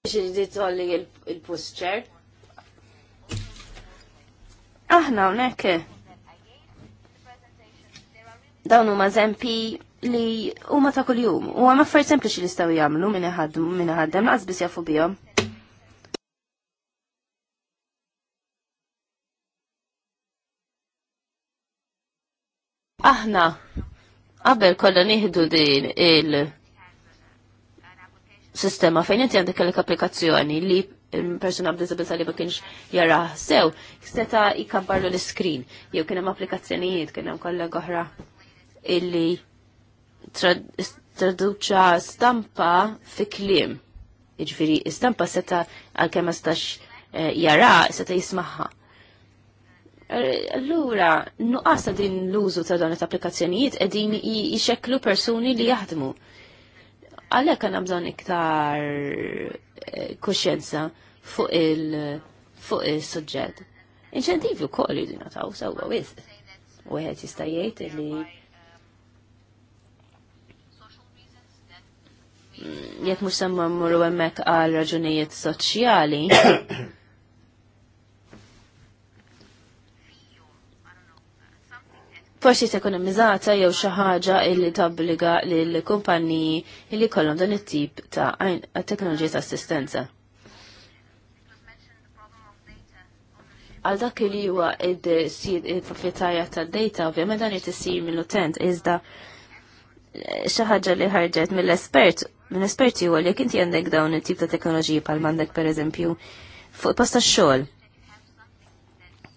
il, il-pusċer. Aħna unek. Dawn huma eżempji li huma ta' kuljum. U għam affarijiet sempliċi li jistgħu jagħmlu minn ħaddem, minn ħaddem laqas biss jafu bihom. Aħna qabel kollha nieħdu din il sistema fejn inti għandek kellek applikazzjoni li persuna b'disabilità li ma kienx jara sew, seta jkabbarlu l-iskrin, jew kien hemm applikazzjonijiet, kien hemm kollha oħra illi traduċa stampa fi kliem. Jiġifieri stampa seta għalkemm ma stax eh, jara, seta jismaħħa. Allura, nuqqas ta' din l-użu ta' dawn l-applikazzjonijiet qegħdin jixekklu persuni li jaħdmu. Għalhekk għandna bżonn iktar eh, kuxjenza fuq il- fuq il-sujġet. Inċentivi u koll li nataw sewwa wiz. U għed jistajiet li mm, jek mux semma murru emmek għal raġunijiet soċjali, forsi s ekonomizzata jew xi ħaġa li tobbliga lill kumpanniji li kollhom dan it-tip ta' teknoloġija ta' assistenza. Għal dak li huwa il-proprjetarja tad-data, ovvjament dan jrid isir mill-utent iżda eh, xi ħaġa li ħarġet mill-espert, mill-esperti huwa li jekk inti għandek dawn it-tip ta' teknoloġiji bħal m'għandek pereżempju fuq posta x-xogħol.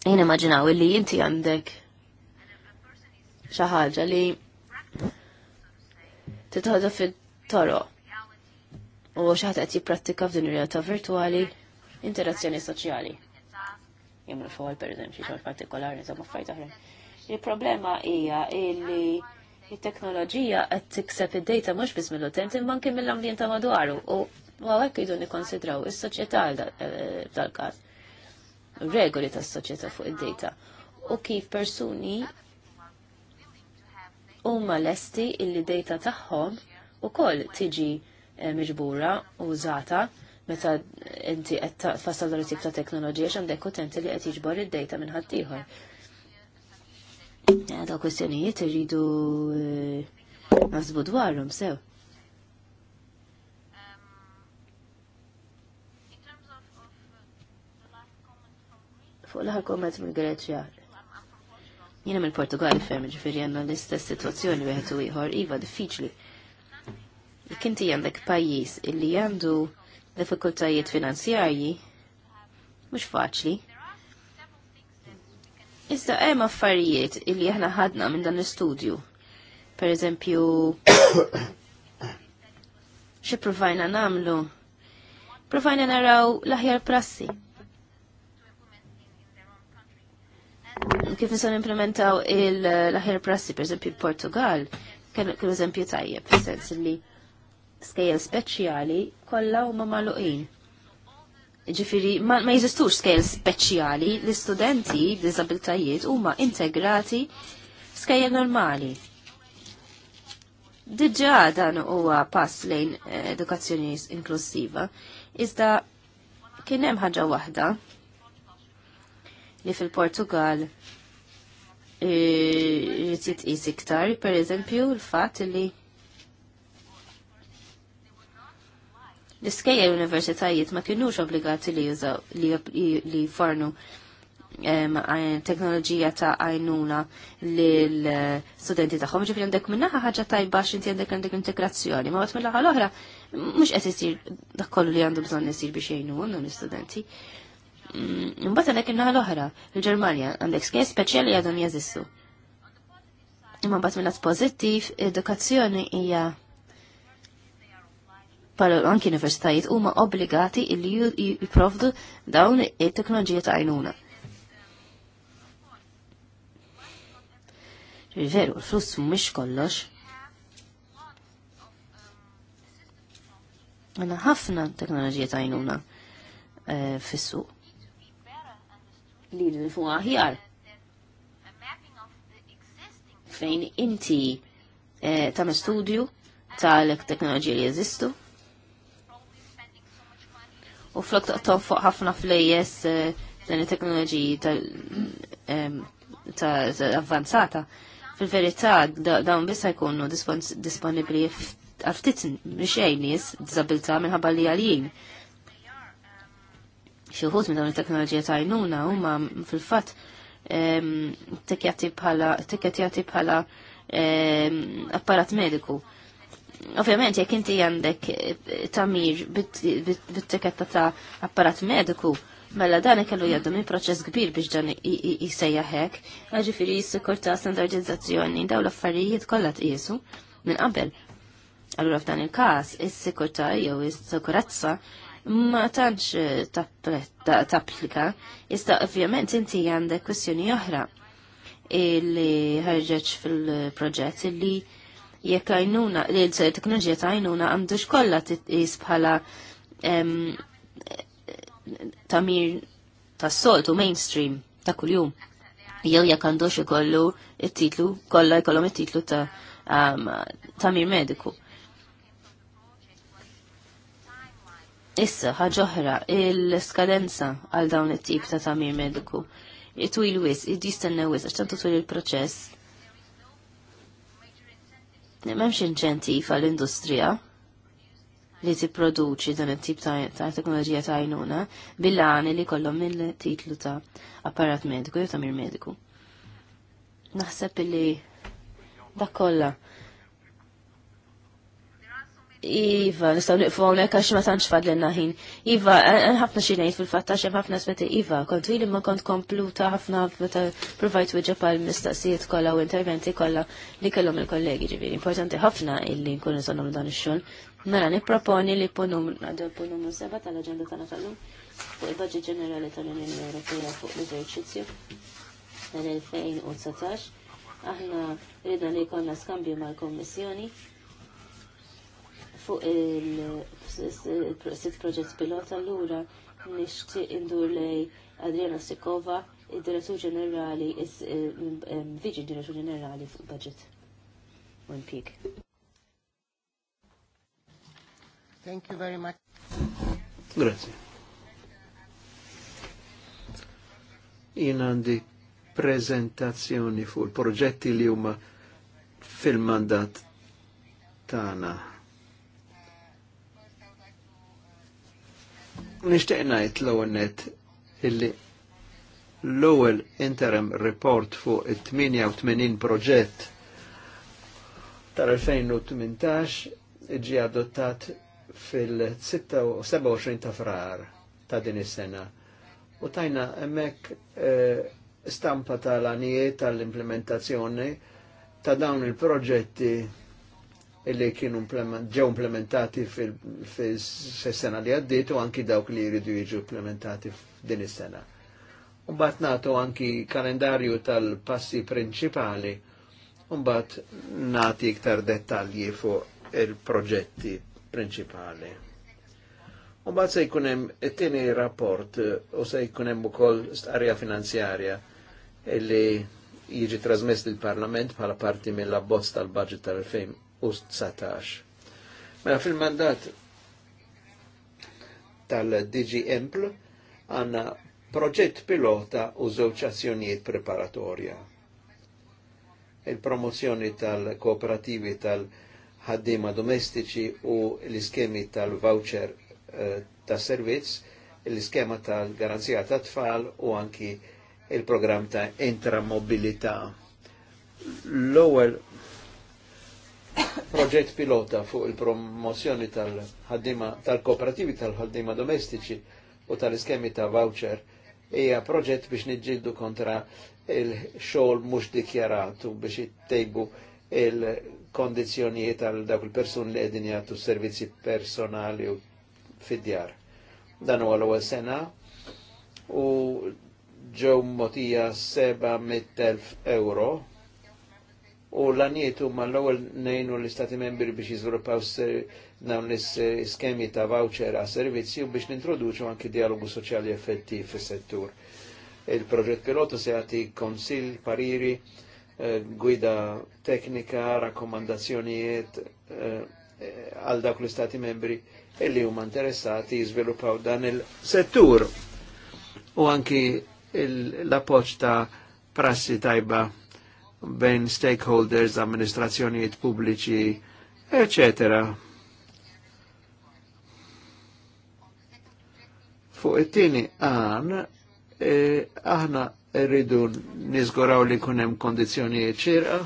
Jien immaġinaw li inti għandek xi ħaġa li titħodha fit-toroq u xaħat għati jiprattika f'din il realtà virtuali interazzjoni soċjali. l fuq per eżempju xaħġa partikolari ta' maffajt oħra. Il-problema hija illi it-teknoloġija qed tikseb id-dejta mhux biss mill-utent imma kim mill-ambjent ta' madwaru u hawnhekk jridu nikkonsidraw is-soċjetà tal-każ. Eh, Regoli tas-soċjetà fuq id-dejta u kif persuni huma lesti illi data tagħhom ukoll tiġi eh, miġbura u użata meta inti qed tfassal dan tip ta' teknoloġija x'għandek utenti li qed jiġbor id dejta minn ħadd ieħor. Eh, daw kwestjonijiet irridu eh, nasbu dwarhom sew. Fuq l-ħar komment mill Greċja, Jiena mill-Portugal ferm ġifiri għandna l-istess sitwazzjoni wieħed u ieħor iva diffiċli. Kinti għandek pajjiż illi għandu diffikultajiet finanzjarji, mhux faċli. Iżda hemm affarijiet illi aħna ħadna minn dan l-istudju. Per eżempju, xi provajna nagħmlu? Provajna naraw l-aħjar prassi kif nisan implementaw il-laħir prassi, per esempio, Portugal, kienu eżempju tajjeb, sens li scale speċjali kollha huma magħluqin. Ġifiri, ma, ma jeżistux scale speċjali li studenti b'diżabiltajiet huma integrati f'skejjel normali. Diġà dan huwa pass lejn eh, edukazzjoni inklusiva, iżda kien hemm ħaġa waħda li fil-Portugal jitsit iziktar, per eżempju, l-fat li l-iskejja universitajiet ma kienux obbligati li jużaw li fornu teknoloġija ta' għajnuna l-studenti tagħhom ġifri għandek minnaħa ħaġa tajba x'inti għandek għandek integrazzjoni, ma waqt mill-aħħa l-oħra mhux qed isir dak kollu li għandu bżonn isir biex jgħinu l-istudenti. Mbata għandek il naħa l-oħra, il-Ġermanja għandek skejn speċjali għadhom jazissu. Imma mbagħad minnat pożittiv, edukazzjoni hija pal anki universitajiet huma obbligati li jipprovdu dawn it-teknoloġija ta' għajnuna. Veru, l fluss mhux kollox. Għandna ħafna teknoloġija ta' għajnuna eh, fis-suq li nifu aħjar. Fejn inti eh, tam studju tal-teknoloġiji li jeżistu. U flok eh, ta' fuq ħafna flejjes dan it-teknoloġiji tal-avvanzata. Fil-verità, dawn bissa jkunu disponibli għal ftit xejn nies diżabilità minħabba li għalijin xi wħud minn dawn it-teknoloġija ta' għajnuna huma fil fat tikkjati bħala bħala apparat mediku. Ovvjament, jekk inti għandek eh, tamir bit-tiketta ta' apparat mediku, mela dan ikellu jaddu minn proċess kbir biex dan jisejja hekk, ġifiri s-sikurta standardizzazzjoni daw l-affarijiet kollha tqisu minn qabel. Allura f'dan il-każ, is-sikurta jew is-sikurezza ma tantx eh, tapplika, jista ovvjament inti għandek kwestjoni oħra li ħarġeċ fil-proġett li jekk għajnuna, li l-teknoloġija ta' għajnuna għandux kollha titqis bħala tamir ta' soltu mainstream ta' kuljum. Jew jekk għandux ikollu it-titlu, kollha jkollhom it-titlu ta' tamir mediku. Issa, ħagħoħra, il-skadenza għal dawn it-tip ta' tamir mediku. It-twil wis, id-distanna wis, għaxtantu twil il-proċess. Memx inċentif għal-industrija li tipproduċi dan it-tip ta' teknoloġija ta' għajnuna bil-għani li kollom mill-titlu ta' apparat mediku jew tamir mediku. Naħseb li dak kollha Iva, nistaw niqfu għonek għax ma tanċ fadlenna ħin. Iva, ħafna xinajt fil-fatta xem ħafna smeti Iva, kont li ma kont kompluta ħafna meta provajt weġġa pal mistaqsijiet kolla u interventi kolla li kellhom il-kollegi ġivir. Importanti ħafna illi nkunu sonom dan ix-xogħol. Mela nipproponi li punum għadu punum seba tal-aġenda tagħna tal-lum fuq il-Baġġi Ġenerali tal-Unjoni Ewropea fuq l-eżerċizzju tal-2019. Aħna rridna li konna skambju mal-Kommissjoni fuq il proġett pilota l-ura nixti indur lej Adriana Sikova, il-direttur ġenerali, eh, mm, Vigi direttur ġenerali fuq budget. One peak. Thank you very much. Grazie. Jien għandi prezentazzjoni fuq il-proġetti li huma fil-mandat tagħna nishtiqnajt ngħid l-ewwel illi l-ewwel interim report fuq it-88 proġett tal-2018 iġi adottat fil-27 ta' frar ta' din is-sena. U tajna hemmhekk e, stampa tal-anijiet tal-implementazzjoni ta' dawn il-proġetti illi kienu ġew implementati fil-sena li għaddit u anki dawk li jridu jiġu implementati din is-sena. Umbat natu anki kalendarju tal-passi prinċipali, umbat nati iktar dettalji fuq il-proġetti prinċipali. Umbat se jkunem it-tieni rapport u se jkunem ukoll starja finanzjarja illi jiġi trasmess lill-Parlament bħala parti mill-abbozz tal-budget tal-2000 2019. Mela fil-mandat tal-DG Empl għanna proġett pilota u żewġ azzjonijiet preparatorja. Il-promozzjoni tal-kooperativi tal-ħaddima domestiċi u l-iskemi tal-voucher eh, ta' servizz, l-iskema tal-garanzija ta' tfal u anki il program ta' intramobilità. L-ewwel proġett pilota fuq il-promozzjoni tal-ħaddima tal-kooperativi tal-ħaddima domestiċi u tal-iskemi ta' voucher hija proġett biex niġġieldu kontra il-xogħol mhux dikjaratu biex ittejbu il-kondizzjonijiet tal dawk il-persuni li qegħdin jagħtu servizzi personali u fid-djar. Dan huwa l-ewwel sena u ġew motija seba' mit-telf euro u l-għaniet huma l-ewwel nejnu l-Istati membri biex jiżviluppaw dawn l-iskemi ta' voucher a servizzi u biex nintroduċu anki dialogu soċjali effettiv fis-settur. Il-proġett pilota se għati konsil, pariri, eh, guida teknika, rakkomandazzjonijiet eh, għal dawk l-Istati membri illi huma interessati jiżviluppaw dan il-settur u anki l appoċ ta' prassi tajba bejn stakeholders, amministrazzjonijiet pubbliċi, etc. Fuq it-tieni għan, e, aħna rridu nizguraw li kunem kondizjonijiet ċirqa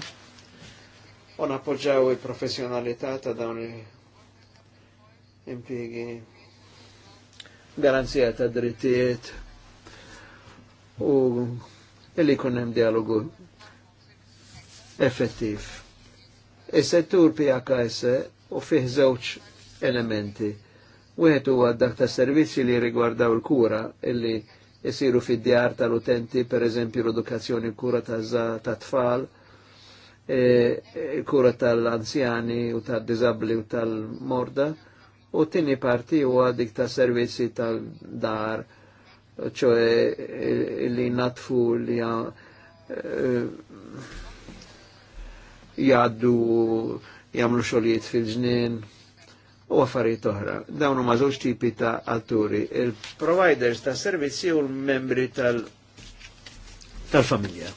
u nappoġġaw il-professjonalità ta' dawn impiegi garanzija ta' drittijiet u li kunem dialogu effettiv. Is-settur PHS u fih żewġ elementi. Wieħed huwa dak ta' servizzi li rigwardaw il-kura illi jisiru fid-djar tal-utenti, per eżempju l-edukazzjoni kura ta' tfal, e, e, kura tal-anzjani u tal-dizabli u tal-morda, u tini parti huwa dik ta' servizzi tal-dar, ċoe e, li natfu li jgħaddu jagħmlu xogħlijiet fil-ġnien u affarijiet oħra. Dawn huma żewġ tipi ta' atturi, il-providers ta' servizzi u l-membri tal- familja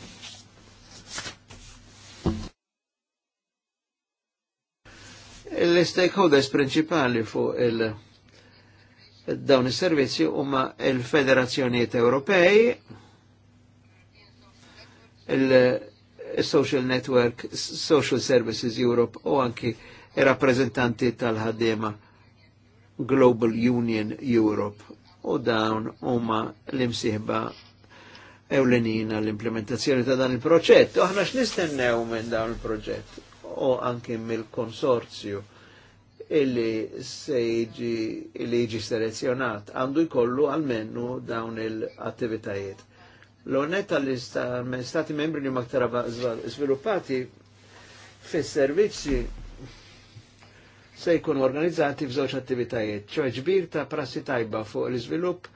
Il-stakeholders principali fuq il- dawn is-servizzi huma il-Federazzjonijiet Ewropej, il Social Network, Social Services Europe u anki rappresentanti tal-ħaddema Global Union Europe u dawn huma l-imsieħba ewlenina l-implementazzjoni ta' dan il-proġett. Aħna x'nistennew minn dawn il-proġett u anki mill-konsorzju illi se jiġi li jiġi selezzjonat għandu jkollu għalmenu dawn il-attivitajiet L-onetta li stati membri li maktara sviluppati fis servizzi se jkun organizzati f'żewġ attivitajiet, ċoħ ġbir ta' prassi tajba fuq l-izvilupp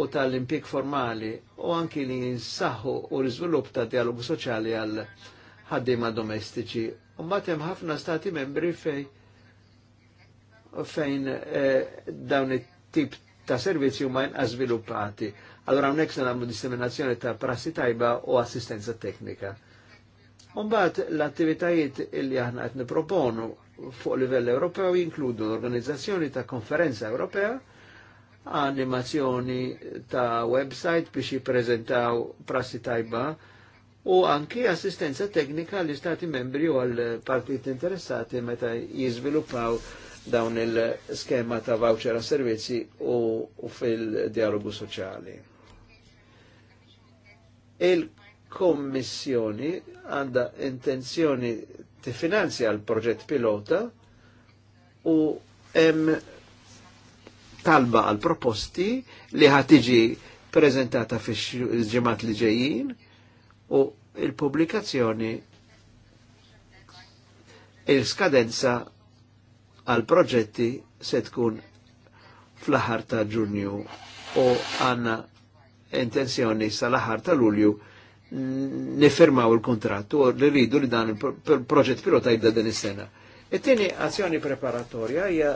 u tal-impik formali u anki li jinsaħu u l-izvilupp ta' dialogu soċjali għal ħaddima domestiċi. U hemm ħafna stati membri fej fejn eh, dawn it-tip ta' servizzi huma inqas sviluppati. Allora hawnhekk se nagħmlu disseminazzjoni ta' prassi tajba u assistenza teknika. Umbat l-attivitajiet li aħna qed niproponu fuq livell Ewropew jinkludu l-organizzazzjoni ta' konferenza Ewropea, animazzjoni ta' website biex jippreżentaw prassi tajba u anki assistenza teknika għall stati membri u għal partit interessati meta jizviluppaw dawn il-skema ta' voucher għas servizzi u, u fil-dialogu soċjali. Il-Kommissjoni għanda intenzjoni finanzja l-proġett pilota u hemm talba għal proposti li ħatiġi prezentata fi ġemat li ġejjin u il-pubblikazzjoni il-skadenza għal proġetti se tkun fl-aħar ta' ġunju u għanna intenzjoni sal-aħar tal-Ulju nifirmaw il-kontrat u li rridu li dan il-proġett pilota jibda din is-sena. It-tieni azzjoni preparatorja hija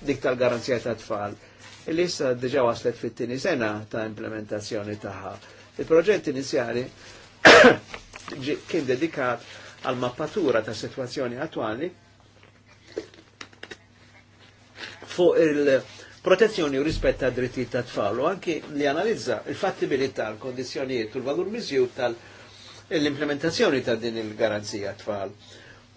dik tal-garanzija ta' tfal li issa diġà waslet fit-tieni sena ta' implementazzjoni tagħha. Il-proġett inizjali kien dedikat għal mappatura ta' situazzjoni attwali fuq il- protezzjoni u rispett ta' drittijiet ta' tfal u anki li analizza il-fattibilità, l-kondizjonijiet u l-valur miżjud tal-implementazzjoni ta' din il-garanzija tfal.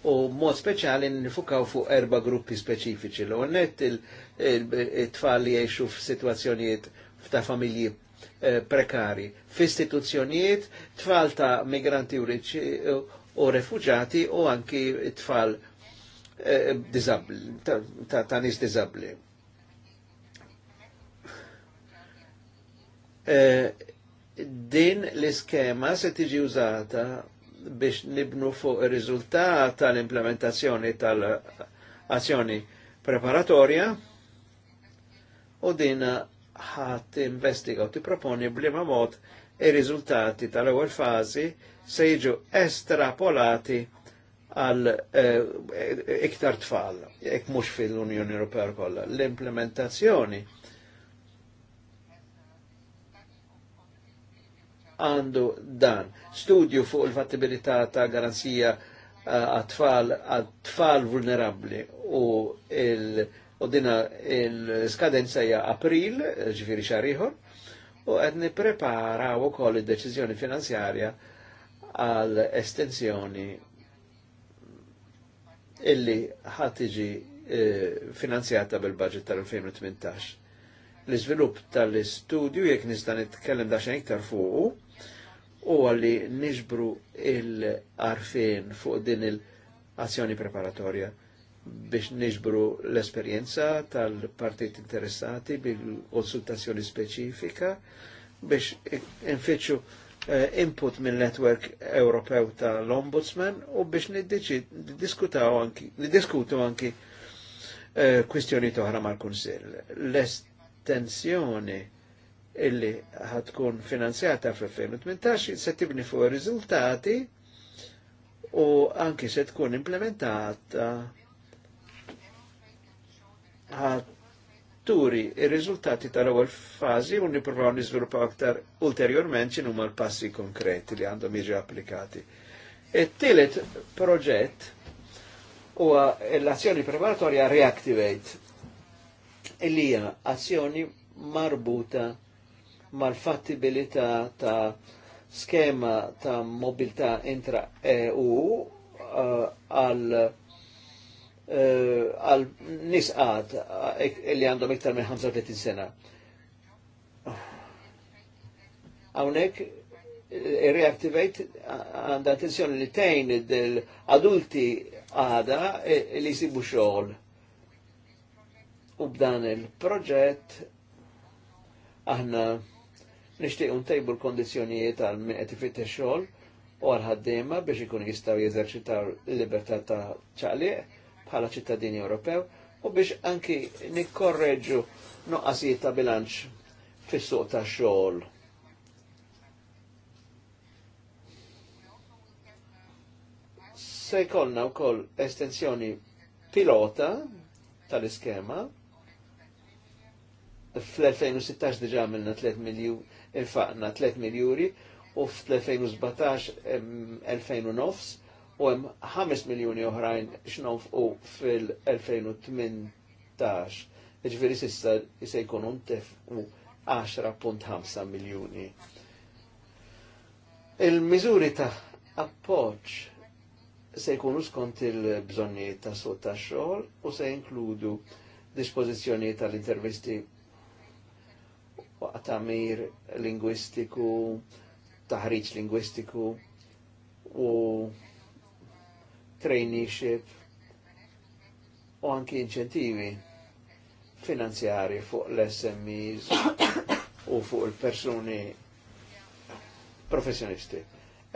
U mod speċjali nifukaw fuq erba gruppi speċifiċi l net il-tfal li jiexu f'sitwazzjonijiet ta' familji eh, prekari, f'istituzzjonijiet, tfal ta' migranti u refugjati u anki tfal eh, ta' nis disabli Eh, din l-iskema se tiġi użata biex nibnu fuq ir-riżultat tal-implementazzjoni tal-azzjoni preparatorja u din ħat investiga u tiproponi blima mod ir-riżultati tal-ewwel fazi se jiġu estrapolati għal eh, iktar tfal, jek mhux fil-Unjoni Europea kollha. L-implementazzjoni għandu dan. Studju fuq il-fattibilità ta' garanzija eh, għat-tfal għat-tfal vulnerabli u il- u dina il-skadenza hija april, ġifiri xarriħor, u għed prepara u koll il-deċizjoni finanzjarja għal estensjoni illi ħatiġi eh, finanzjata bil-budget tal-2018 l-iżvilupp tal-istudju jekk nista' nitkellem daxxejn iktar fuqu u għalli niġbru il-arfin fuq din il-azzjoni preparatorja biex niġbru l-esperienza tal-partit interessati bil-konsultazzjoni speċifika biex nfittxu eh, input mill netwerk Ewropew tal-Ombudsman u biex niddiskutu anki eh, kwistjoni toħra mal-Kunsill. Lest attenzjoni illi ħatkun finanzjata fl-2018 se tibni fuq riżultati u anki se tkun implementata ħatturi ir-riżultati tal-ewwel fażi u nippruvaw niżviluppaw aktar ulterjorment x'inhuma l-passi konkreti li għandhom jiġu applikati. It-tielet proġett huwa l-azzjoni preparatorja Reactivate li hija azzjoni marbuta mal-fattibilità ta' skema ta' mobilità intra EU eh, għal uh, għal nisqat eh, li għandhom iktar minn 35 sena. Hawnhekk reaktivajt għandha attenzjoni li tejn id-adulti għada li jisibu xogħol U b'dan il-proġett aħna nixtieq ntejbu l-kondizzjonijiet għal min qed ifittex xogħol u għal ħaddiema biex ikun jistgħu jeżerċitaw l-libertà ta' ċaqliq bħala ċittadini Ewropew u biex anki nikkorreġu noqqasijiet ta' bilanċ fis-suq ta' xogħol. Se jkollna wkoll estensjoni pilota tal-iskema fl-2016 diġa għamilna 3 milju, il-faqna 3 miljuri u fl-2017 2000 nofs u hemm 5 miljoni oħrajn x'nof u fil-2018. Iġveri s'issa se jkun untef u 10.5 miljuni. Il-miżuri ta' appoġġ se jkunu skont il-bżonnijiet ta' sotta xogħol u se jinkludu dispożizzjonijiet tal-intervisti waqt tagħmir lingwistiku, taħriġ lingwistiku u traineeship u anki inċentivi finanzjari fuq l-SMEs u fuq il-persuni professjonisti.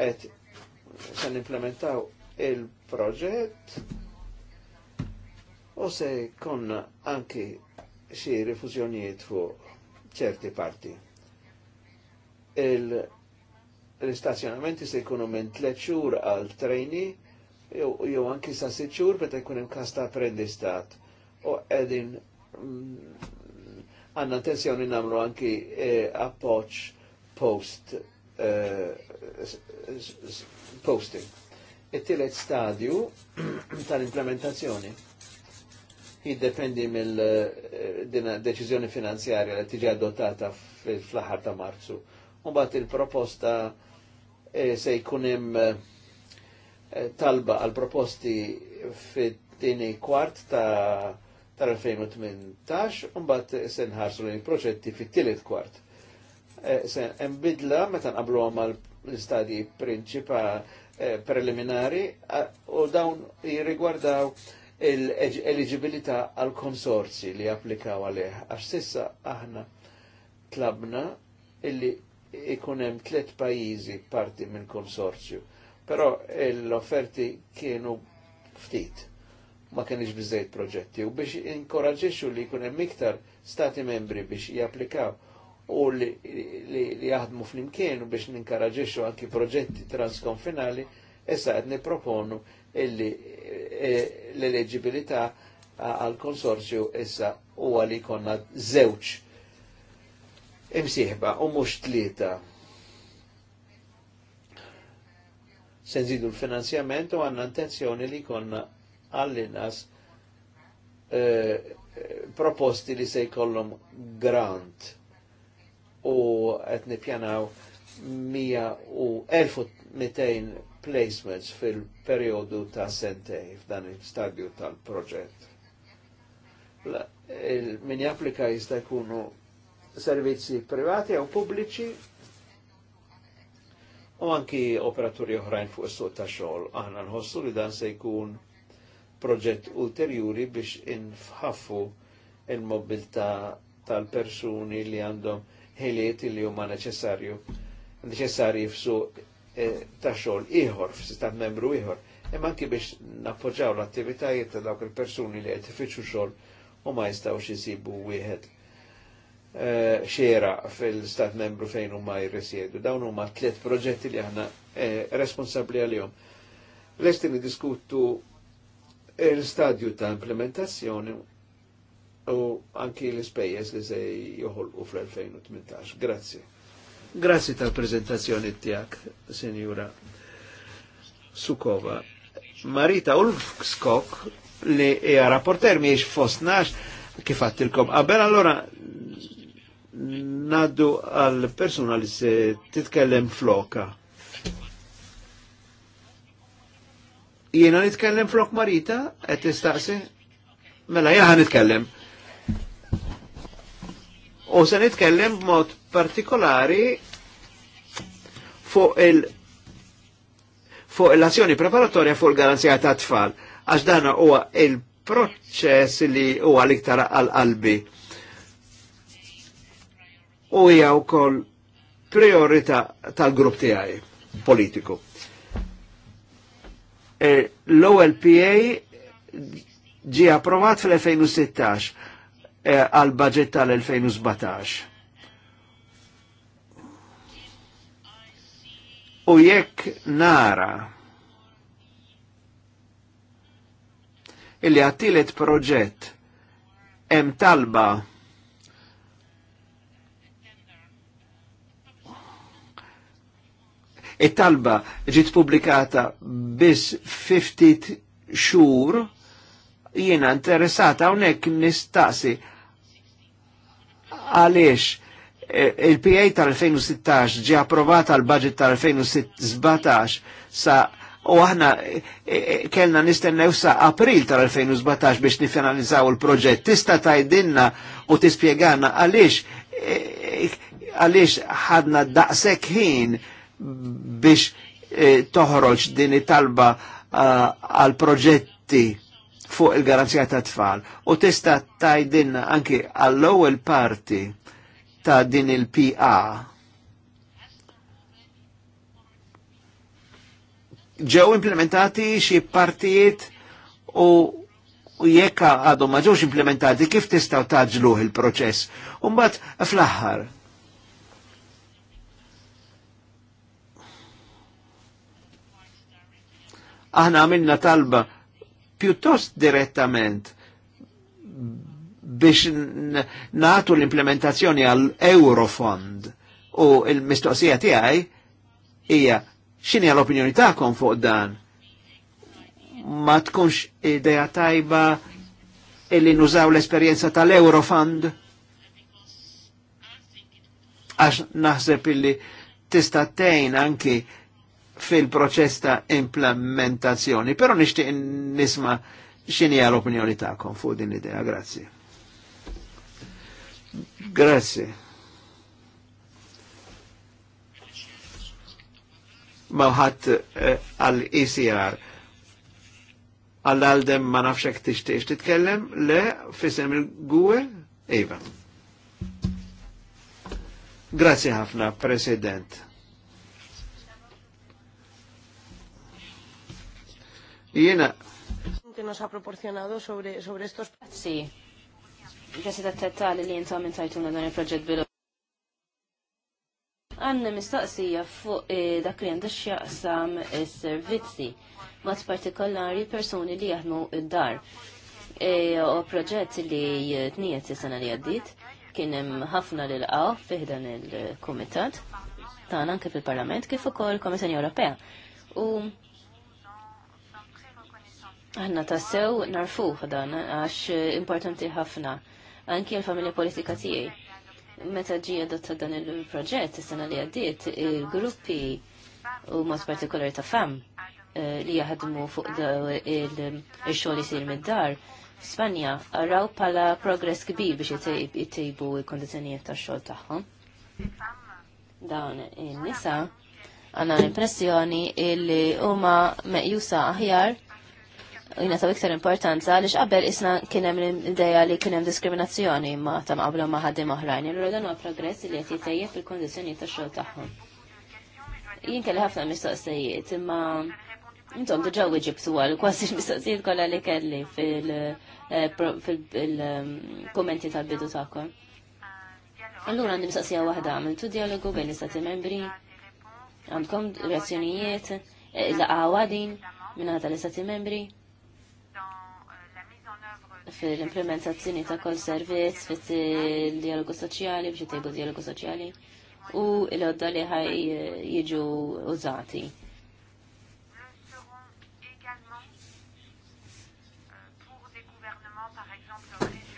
Et sen implementaw il-proġett u se konna anki xie rifuzjonijiet fuq ċerti parti. L-istazzjonamenti se jkunu minn tliet xhur għal trejni jew anki sa sitt xhur meta jkun hemm każ ta' apprendistat. U qegħdin mm, għandna intenzjoni nagħmlu anki e, appoġġ post e, posting. It-tielet stadju tal-implementazzjoni jiddependi mill eh, deċiżjoni finanzjarja li tiġi adottata fl-aħħar ta' Marzu. Mbagħad il-proposta eh, se jkun hemm eh, talba għal proposti fit-tieni kwart ta' tal-2018 mbagħad se nħarsu lejn il-proġetti fit-tielet kwart. Se hemm bidla meta nqablhom għal l-istadji prinċipa preliminari u dawn jirrigwardaw l-eligibilità għal konsorzi li applikaw għalih. Għax sissa aħna tlabna illi ikunem tlet pajizi parti minn konsorzju. Però l-offerti kienu ftit ma kienx bizzejt proġetti u biex inkoraġixxu li jkun hemm iktar stati membri biex japplikaw u li, li, li jaħdmu fl-imkien u biex ninkoraġixxu anki proġetti transkonfinali issa qed nipproponu illi eh, l-eleġibilità għal konsorzju issa u għalli konna zewċ imsieħba u mux tlieta. Senzidu l-finanzjament u għanna intenzjoni li konna għallinas eh, proposti li se jkollhom grant u qed pjanaw 100 u 1200 placements fil-periodu ta' sentej f'dan il-stadju tal-proġett. min japplika jista' jkunu servizzi privati u pubbliċi u anki operaturi oħrajn fuq is ta' xogħol. Aħna nħossu li dan se jkun proġett ulterjuri biex infħaffu il-mobilità tal-persuni li għandhom ħiliet li huma neċessarju neċessarji f'suq Eh, ta' xogħol ieħor f'sitat membru ieħor. Imma anki biex nappoġġaw l-attivitajiet ta' dawk il-persuni li qed ifittxu xogħol u ma jistgħux isibu wieħed eh, xera fil-stat membru fejn huma jirrisjedu. Dawn huma tliet proġetti li aħna eh, responsabbli għalihom. Lesti diskuttu l-stadju ta' implementazzjoni u anki l-ispejjeż li se joħolqu fl-2018. Grazzi. Grazzi tal-prezentazzjoni tijak, Senjura Sukova. Marita Ulfskok li hija rapporter fost nax kif għattilkom. Qabel allora naddu għal persuna li se titkellem floka. Jiena nitkellem flok Marita, għet istaxi? Mela jaħa nitkellem. U se nitkellem b'mod partikolari fuq il- fuq l-azzjoni preparatorja fuq il-garanzija ta' tfal, għax dan huwa il-proċess li huwa l-iktar għal-qalbi. U hija wkoll priorità tal-grupp tiegħi politiku. E, L-OLPA ġi approvat fl-2016 Eh, għal budget tal-2017. U jekk nara illi għattilet proġett em talba it-talba ġit publikata bis 50 xur jiena interesata unek nistaqsi għaliex e, il-PA tal-2016 ġi approvata l-budget tal-2017 sa u aħna e, e, kellna nistennew sa april tal-2017 biex nifinalizzaw il-proġett. Tista tajdinna u tispiegana għaliex għaliex ħadna daqsek ħin biex toħroġ din it-talba għal proġetti fuq il-garanzija ta' tfal u tista' tajdinna anki għall-ewwel parti ta' din il-PA ġew implementati xi partijiet u jekk għadhom ma ġewx implementati kif tistgħu taġluh il-proċess. Umbagħad fl-aħħar. Aħna għamilna talba pjuttost direttament biex natu l-implementazzjoni għal Eurofond u il-mistoqsija tiegħi hija x'inhi l-opinjoni tagħkom fuq dan ma tkunx idea tajba illi nużaw l-esperjenza tal-Eurofund għax naħseb illi tista' tgħin anki fil-proċess ta' implementazzjoni. Però nixtieq nisma' x'inhi l-opinjoni tagħkom fuq din l-idea. Grazzi. Grazzi. Mawħat għal-ECR. Eh, Għall-għaldem e ma nafxek tixtiex titkellem, le, fisem il-gwe, Iva. Grazie ħafna, President. Jiena. Que nos ha proporcionado sobre, sobre estos... Sì, ġesi tattettali li jintom intajtuna dan il-proġett bilu. Għanna mistaqsija fuq eh, dak li għandu xjaqsam il-servizzi, mat partikolari personi li jaħdmu id-dar. U eh, proġett li tnijet sena li għaddit, kienem ħafna li l-qaw fiħdan il-komitat, tana anke fil-parlament, kif ukoll Komissjoni Ewropea. U Aħna tassew narfuh dan għax importanti ħafna. Anki l-familja politika tiegħi. Meta ġi adotta dan il-proġett is-sena li għaddiet, il-gruppi u mod partikolari ta' fam eh, li jaħdmu fuq il-xogħol sir mid-dar Spanja għaraw pala progress kbir biex jtejbu il-kondizjonijiet ta' xogħol tagħhom. Dawn in-nisa għanna l-impressjoni li huma meqjusa aħjar jina taw iktar importanza għaliex qabel isna kien hemm l-ideja li kien hemm diskriminazzjoni ma ta' maqblu ma' ħaddiem oħrajn. Irru dan huwa progress li qed jitejjeb il-kondizzjoni tax-xogħol tagħhom. Jien kelli ħafna mistoqsijiet imma intom diġà wieġibtu għal kważi l-mistoqsijiet kollha li kelli fil-kummenti eh, eh, mm, tal-bidu tagħkom. Allura għandi mistoqsija waħda għamiltu dialogu bejn l-istati membri għandkom reazzjonijiet eh, laqgħa din minn ħata l-istati membri fil-implementazzjoni ta' kol servizz, fil-dialogu soċjali, biex jtejbu dialogu soċjali, u il-għodda li ħaj jiġu użati.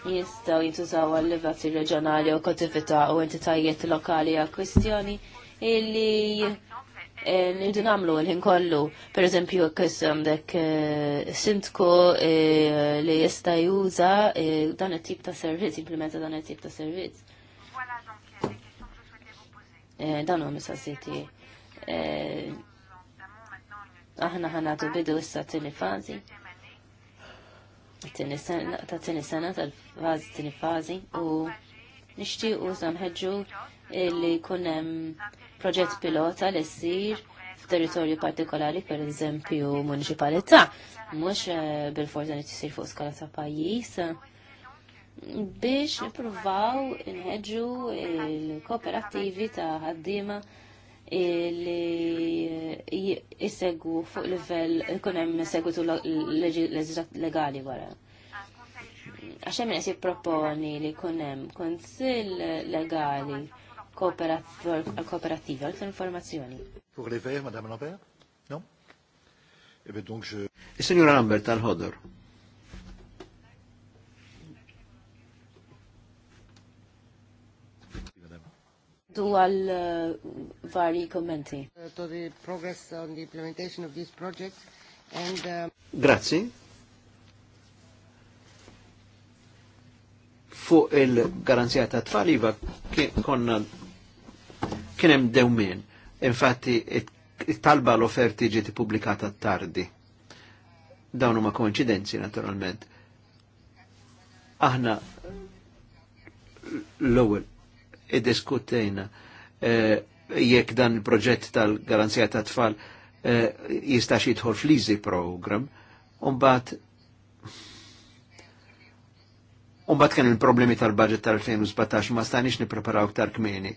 Jistaw jintużaw għal-livati reġjonali u kotifita u entitajiet lokali għal kwistjoni illi Eh, nirdu namlu l-ħin kollu. Per eżempju, kessem dek eh, sintku eh, li jista juża dan it-tip ta' servizz, implementa dan it-tip ta' servizz. Dan u hu siti. Aħna ħana ħanatu bidu issa t-tini fazi. Ta' t-tini sena tal-fazi t-tini fazi u u samħedġu li kunem proġett pilota li s-sir f'territorju partikolari, per eżempju, municipalità, mux eh, bil-forza li t-sir fuq skala ta' pajis, biex nipruvaw nħedġu il-kooperativi ta' ħaddima li jissegwu fuq livell, kunem segwitu legali wara. Għaxem jess jipproponi li kunem konsil legali kooperativa, għal informazzjoni. Pour les verts, Madame Lambert? Non? Eh bien, donc je... Signora Lambert, al hodor. Du għal eh, vari kommenti. Eh, to the progress on the implementation of this project and... Uh... Grazie. Fu il-garanzija ta' tfaliva konna kien hemm dewmien. Infatti it-talba l-offerti ġiet pubblikata tardi. Dawn huma koincidenzi naturalment. Aħna l-ewwel iddiskutejna eh, jekk dan il-proġett tal-garanzija ta' tfal eh, jistax jidħol fl-easy program, Umbat, umbat kien il-problemi tal-budget tal-2017 ma stanix nipreparaw ktar kmini.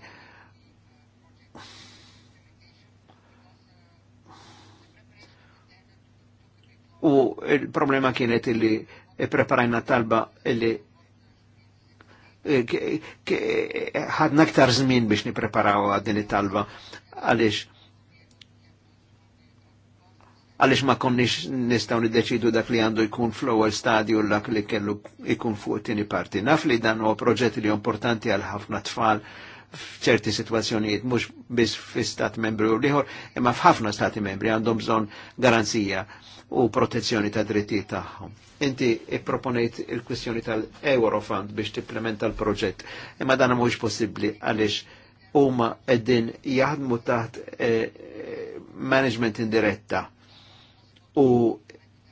u il-problema kienet illi preparajna talba illi eh, ħadna aktar żmien biex nipreparaw din it-talba għaliex għalix ma konniex nistaw niddeċidu dak li għandu jkun fl-ewwel stadju l dak li kellu jkun fuq tini parti. Naf li dan huwa proġett li importanti għal ħafna tfal f'ċerti situazzjonijiet, mhux biss f'istat membri u l-ieħor, imma f'ħafna stati membri għandhom bżonn garanzija u protezzjoni ta' drittijiet tagħhom. Inti ipproponejt il-kwistjoni tal-Eurofund biex tipplementa l-proġett, imma dan mhux possibbli għaliex huma qegħdin jaħdmu taħt eh, eh, management indiretta u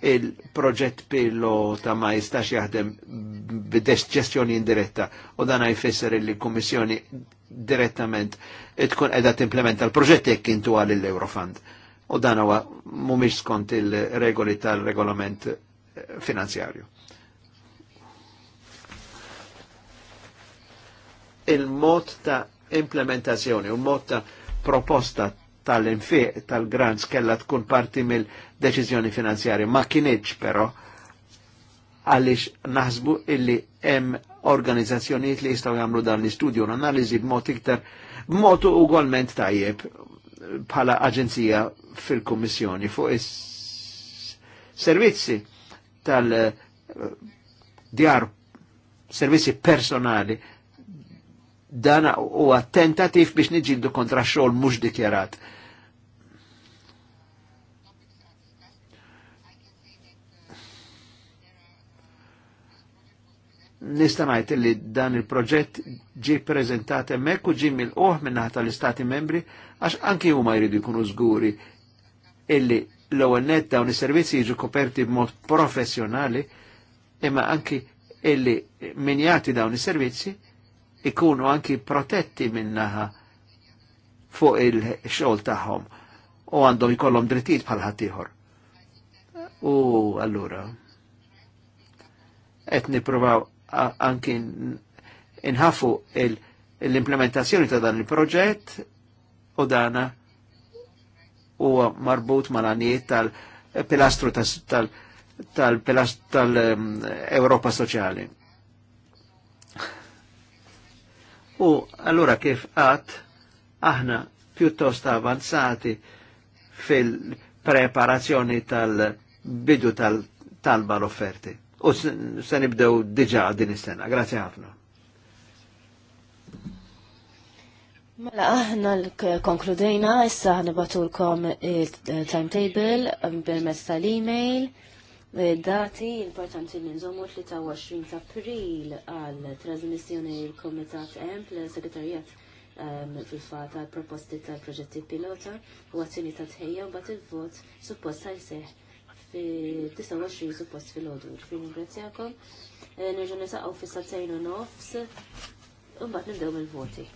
il-proġett pilota ma jistax jaħdem b'deċċessjoni indiretta u dan jfisser li kommissjoni direttament tkun t-implementa l-proġett jek kintu għal l-Eurofund. U dan għu mhumiex skont il-regoli tal-regolament eh, finanzjarju. Il-mod ta' implementazzjoni, u mod ta' proposta tal-infiq tal-grants kella tkun parti mill- deċiżjoni finanzjarja. Ma kienieċ però għaliex naħsbu illi hemm organizzazzjonijiet li jistgħu jagħmlu dan l-istudju u analiżi b'mod iktar b'mod ugualment tajjeb bħala aġenzija fil-Kummissjoni fuq is-servizzi tal-djar servizzi personali dan huwa tentativ biex niġildu kontra xogħol mhux dikjarat. nistanajt li dan il-proġett ġi prezentat emmek u ġi mil oħ minnaħ tal istati membri għax anki huma jridu jkunu żguri illi l-ewwel net dawn is-servizzi jiġu koperti b'mod professjonali imma anki illi minjati dawn is-servizzi ikunu anki protetti minnaħa fuq il-xogħol tagħhom u għandhom ikollhom drittijiet bħal ħaddieħor. U allura qed nippruvaw anki inħafu l-implementazzjoni ta' dan il-proġett u dana u marbut ma' l għaniet tal-pilastru tal-Europa Soċjali. U allura kif għat aħna pjuttost avanzati fil-preparazzjoni tal-bidu tal-talba l-offerti u se nibdew diġa din is-sena. Grazzi ħafna. Mela, aħna l-konkludejna, issa ħanibatulkom il-timetable bil mess tal-email, dati importanti li nżommu 23 ta' april għal trasmissjoni il-Komitat l segretarjat ehm, fil-fata għal proposti tal-proġetti pilota u għazzjoni ta' tħejja u bat il-vot supposta jseħ fi-29 suppost fil-ħodu. Ġifiri ningrazzjakom, eh, nerġu nisaqgħu fis-sazzajn u nofs, nibdew mill-voti.